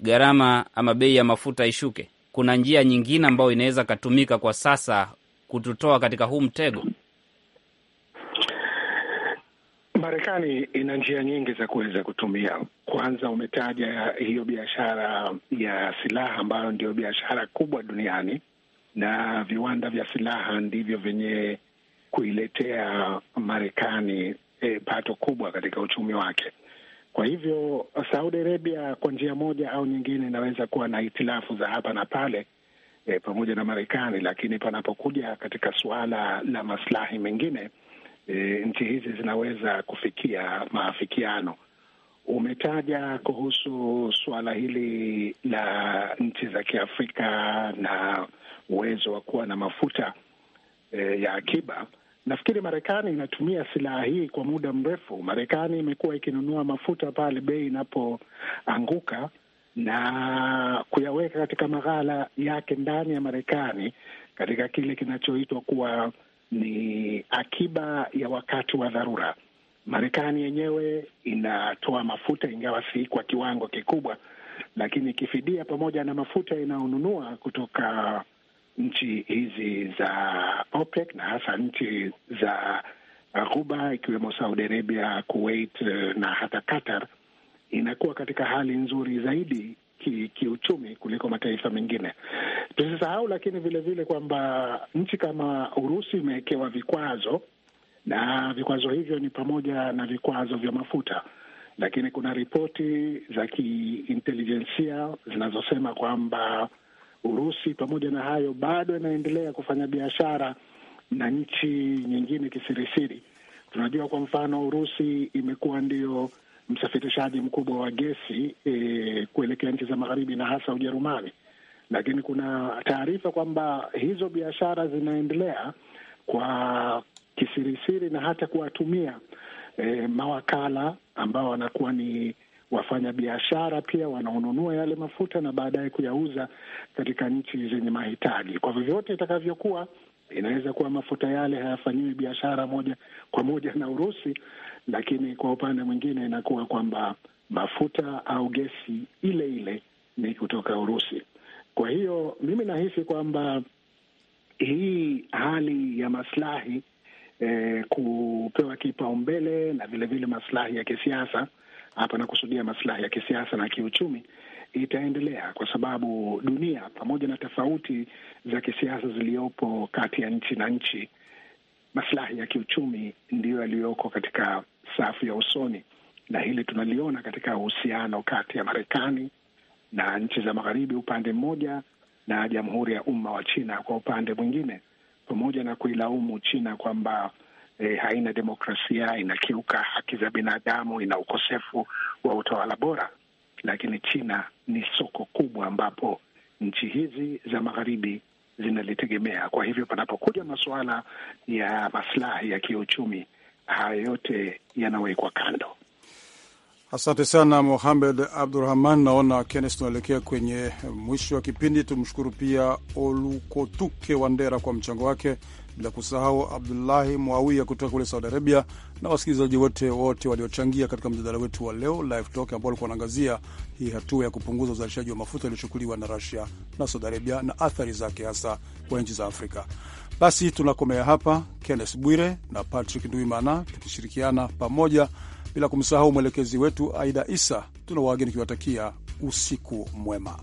gharama ama bei ya mafuta ishuke. Kuna njia nyingine ambayo inaweza katumika kwa sasa kututoa katika huu mtego? Marekani ina njia nyingi za kuweza kutumia. Kwanza umetaja hiyo biashara ya silaha ambayo ndio biashara kubwa duniani, na viwanda vya silaha ndivyo vyenye kuiletea Marekani eh, pato kubwa katika uchumi wake. Kwa hivyo Saudi Arabia kwa njia moja au nyingine inaweza kuwa na hitilafu za hapa na pale eh, pamoja na Marekani, lakini panapokuja katika suala la maslahi mengine e, nchi hizi zinaweza kufikia maafikiano. Umetaja kuhusu suala hili la nchi za Kiafrika na uwezo wa kuwa na mafuta e, ya akiba. Nafikiri Marekani inatumia silaha hii kwa muda mrefu. Marekani imekuwa ikinunua mafuta pale bei inapoanguka na kuyaweka katika maghala yake ndani ya Marekani katika kile kinachoitwa kuwa ni akiba ya wakati wa dharura. Marekani yenyewe inatoa mafuta, ingawa si kwa kiwango kikubwa, lakini kifidia pamoja na mafuta inayonunua kutoka nchi hizi za OPEC na hasa nchi za Ghuba ikiwemo Saudi Arabia, Kuwait eh, na hata Qatar, inakuwa katika hali nzuri zaidi kiuchumi ki kuliko mataifa mengine. Tusisahau lakini vilevile kwamba nchi kama Urusi imewekewa vikwazo, na vikwazo hivyo ni pamoja na vikwazo vya mafuta, lakini kuna ripoti za kiintelijensia zinazosema kwamba Urusi pamoja na hayo bado inaendelea kufanya biashara na nchi nyingine kisirisiri. Tunajua kwa mfano, Urusi imekuwa ndio msafirishaji mkubwa wa gesi e, kuelekea nchi za magharibi na hasa Ujerumani, lakini kuna taarifa kwamba hizo biashara zinaendelea kwa kisirisiri na hata kuwatumia e, mawakala ambao wanakuwa ni wafanya biashara pia wanaonunua yale mafuta na baadaye kuyauza katika nchi zenye mahitaji. Kwa vyovyote itakavyokuwa, Inaweza kuwa mafuta yale hayafanyiwi biashara moja kwa moja na Urusi, lakini kwa upande mwingine inakuwa kwamba mafuta au gesi ile ile ni kutoka Urusi. Kwa hiyo mimi nahisi kwamba hii hali ya maslahi eh, kupewa kipaumbele na vilevile maslahi ya kisiasa hapa, nakusudia maslahi ya kisiasa na kiuchumi, itaendelea kwa sababu dunia, pamoja na tofauti za kisiasa ziliyopo kati ya nchi na nchi, masilahi ya kiuchumi ndiyo yaliyoko katika safu ya usoni, na hili tunaliona katika uhusiano kati ya Marekani na nchi za magharibi upande mmoja na Jamhuri ya Umma wa China kwa upande mwingine, pamoja na kuilaumu China kwamba E, haina demokrasia, inakiuka haki za binadamu, ina ukosefu wa utawala bora, lakini China ni soko kubwa ambapo nchi hizi za magharibi zinalitegemea. Kwa hivyo panapokuja masuala ya maslahi ya kiuchumi, haya yote yanawekwa kando. Asante sana Mohamed Abdurahman. Naona Kennes, tunaelekea kwenye mwisho wa kipindi. Tumshukuru pia Olukotuke Wandera kwa mchango wake bila kusahau Abdullahi Mwawia kutoka kule Saudi Arabia na wasikilizaji wote wote waliochangia katika mjadala wetu wa leo Live Talk, ambao walikuwa wanaangazia hii hatua ya kupunguza uzalishaji wa mafuta yaliyochukuliwa na Rusia na Saudi Arabia na athari zake hasa kwa nchi za Afrika. Basi tunakomea hapa. Kenneth Bwire na Patrick Nduimana tukishirikiana pamoja, bila kumsahau mwelekezi wetu Aida Isa, tuna wageni nikiwatakia usiku mwema.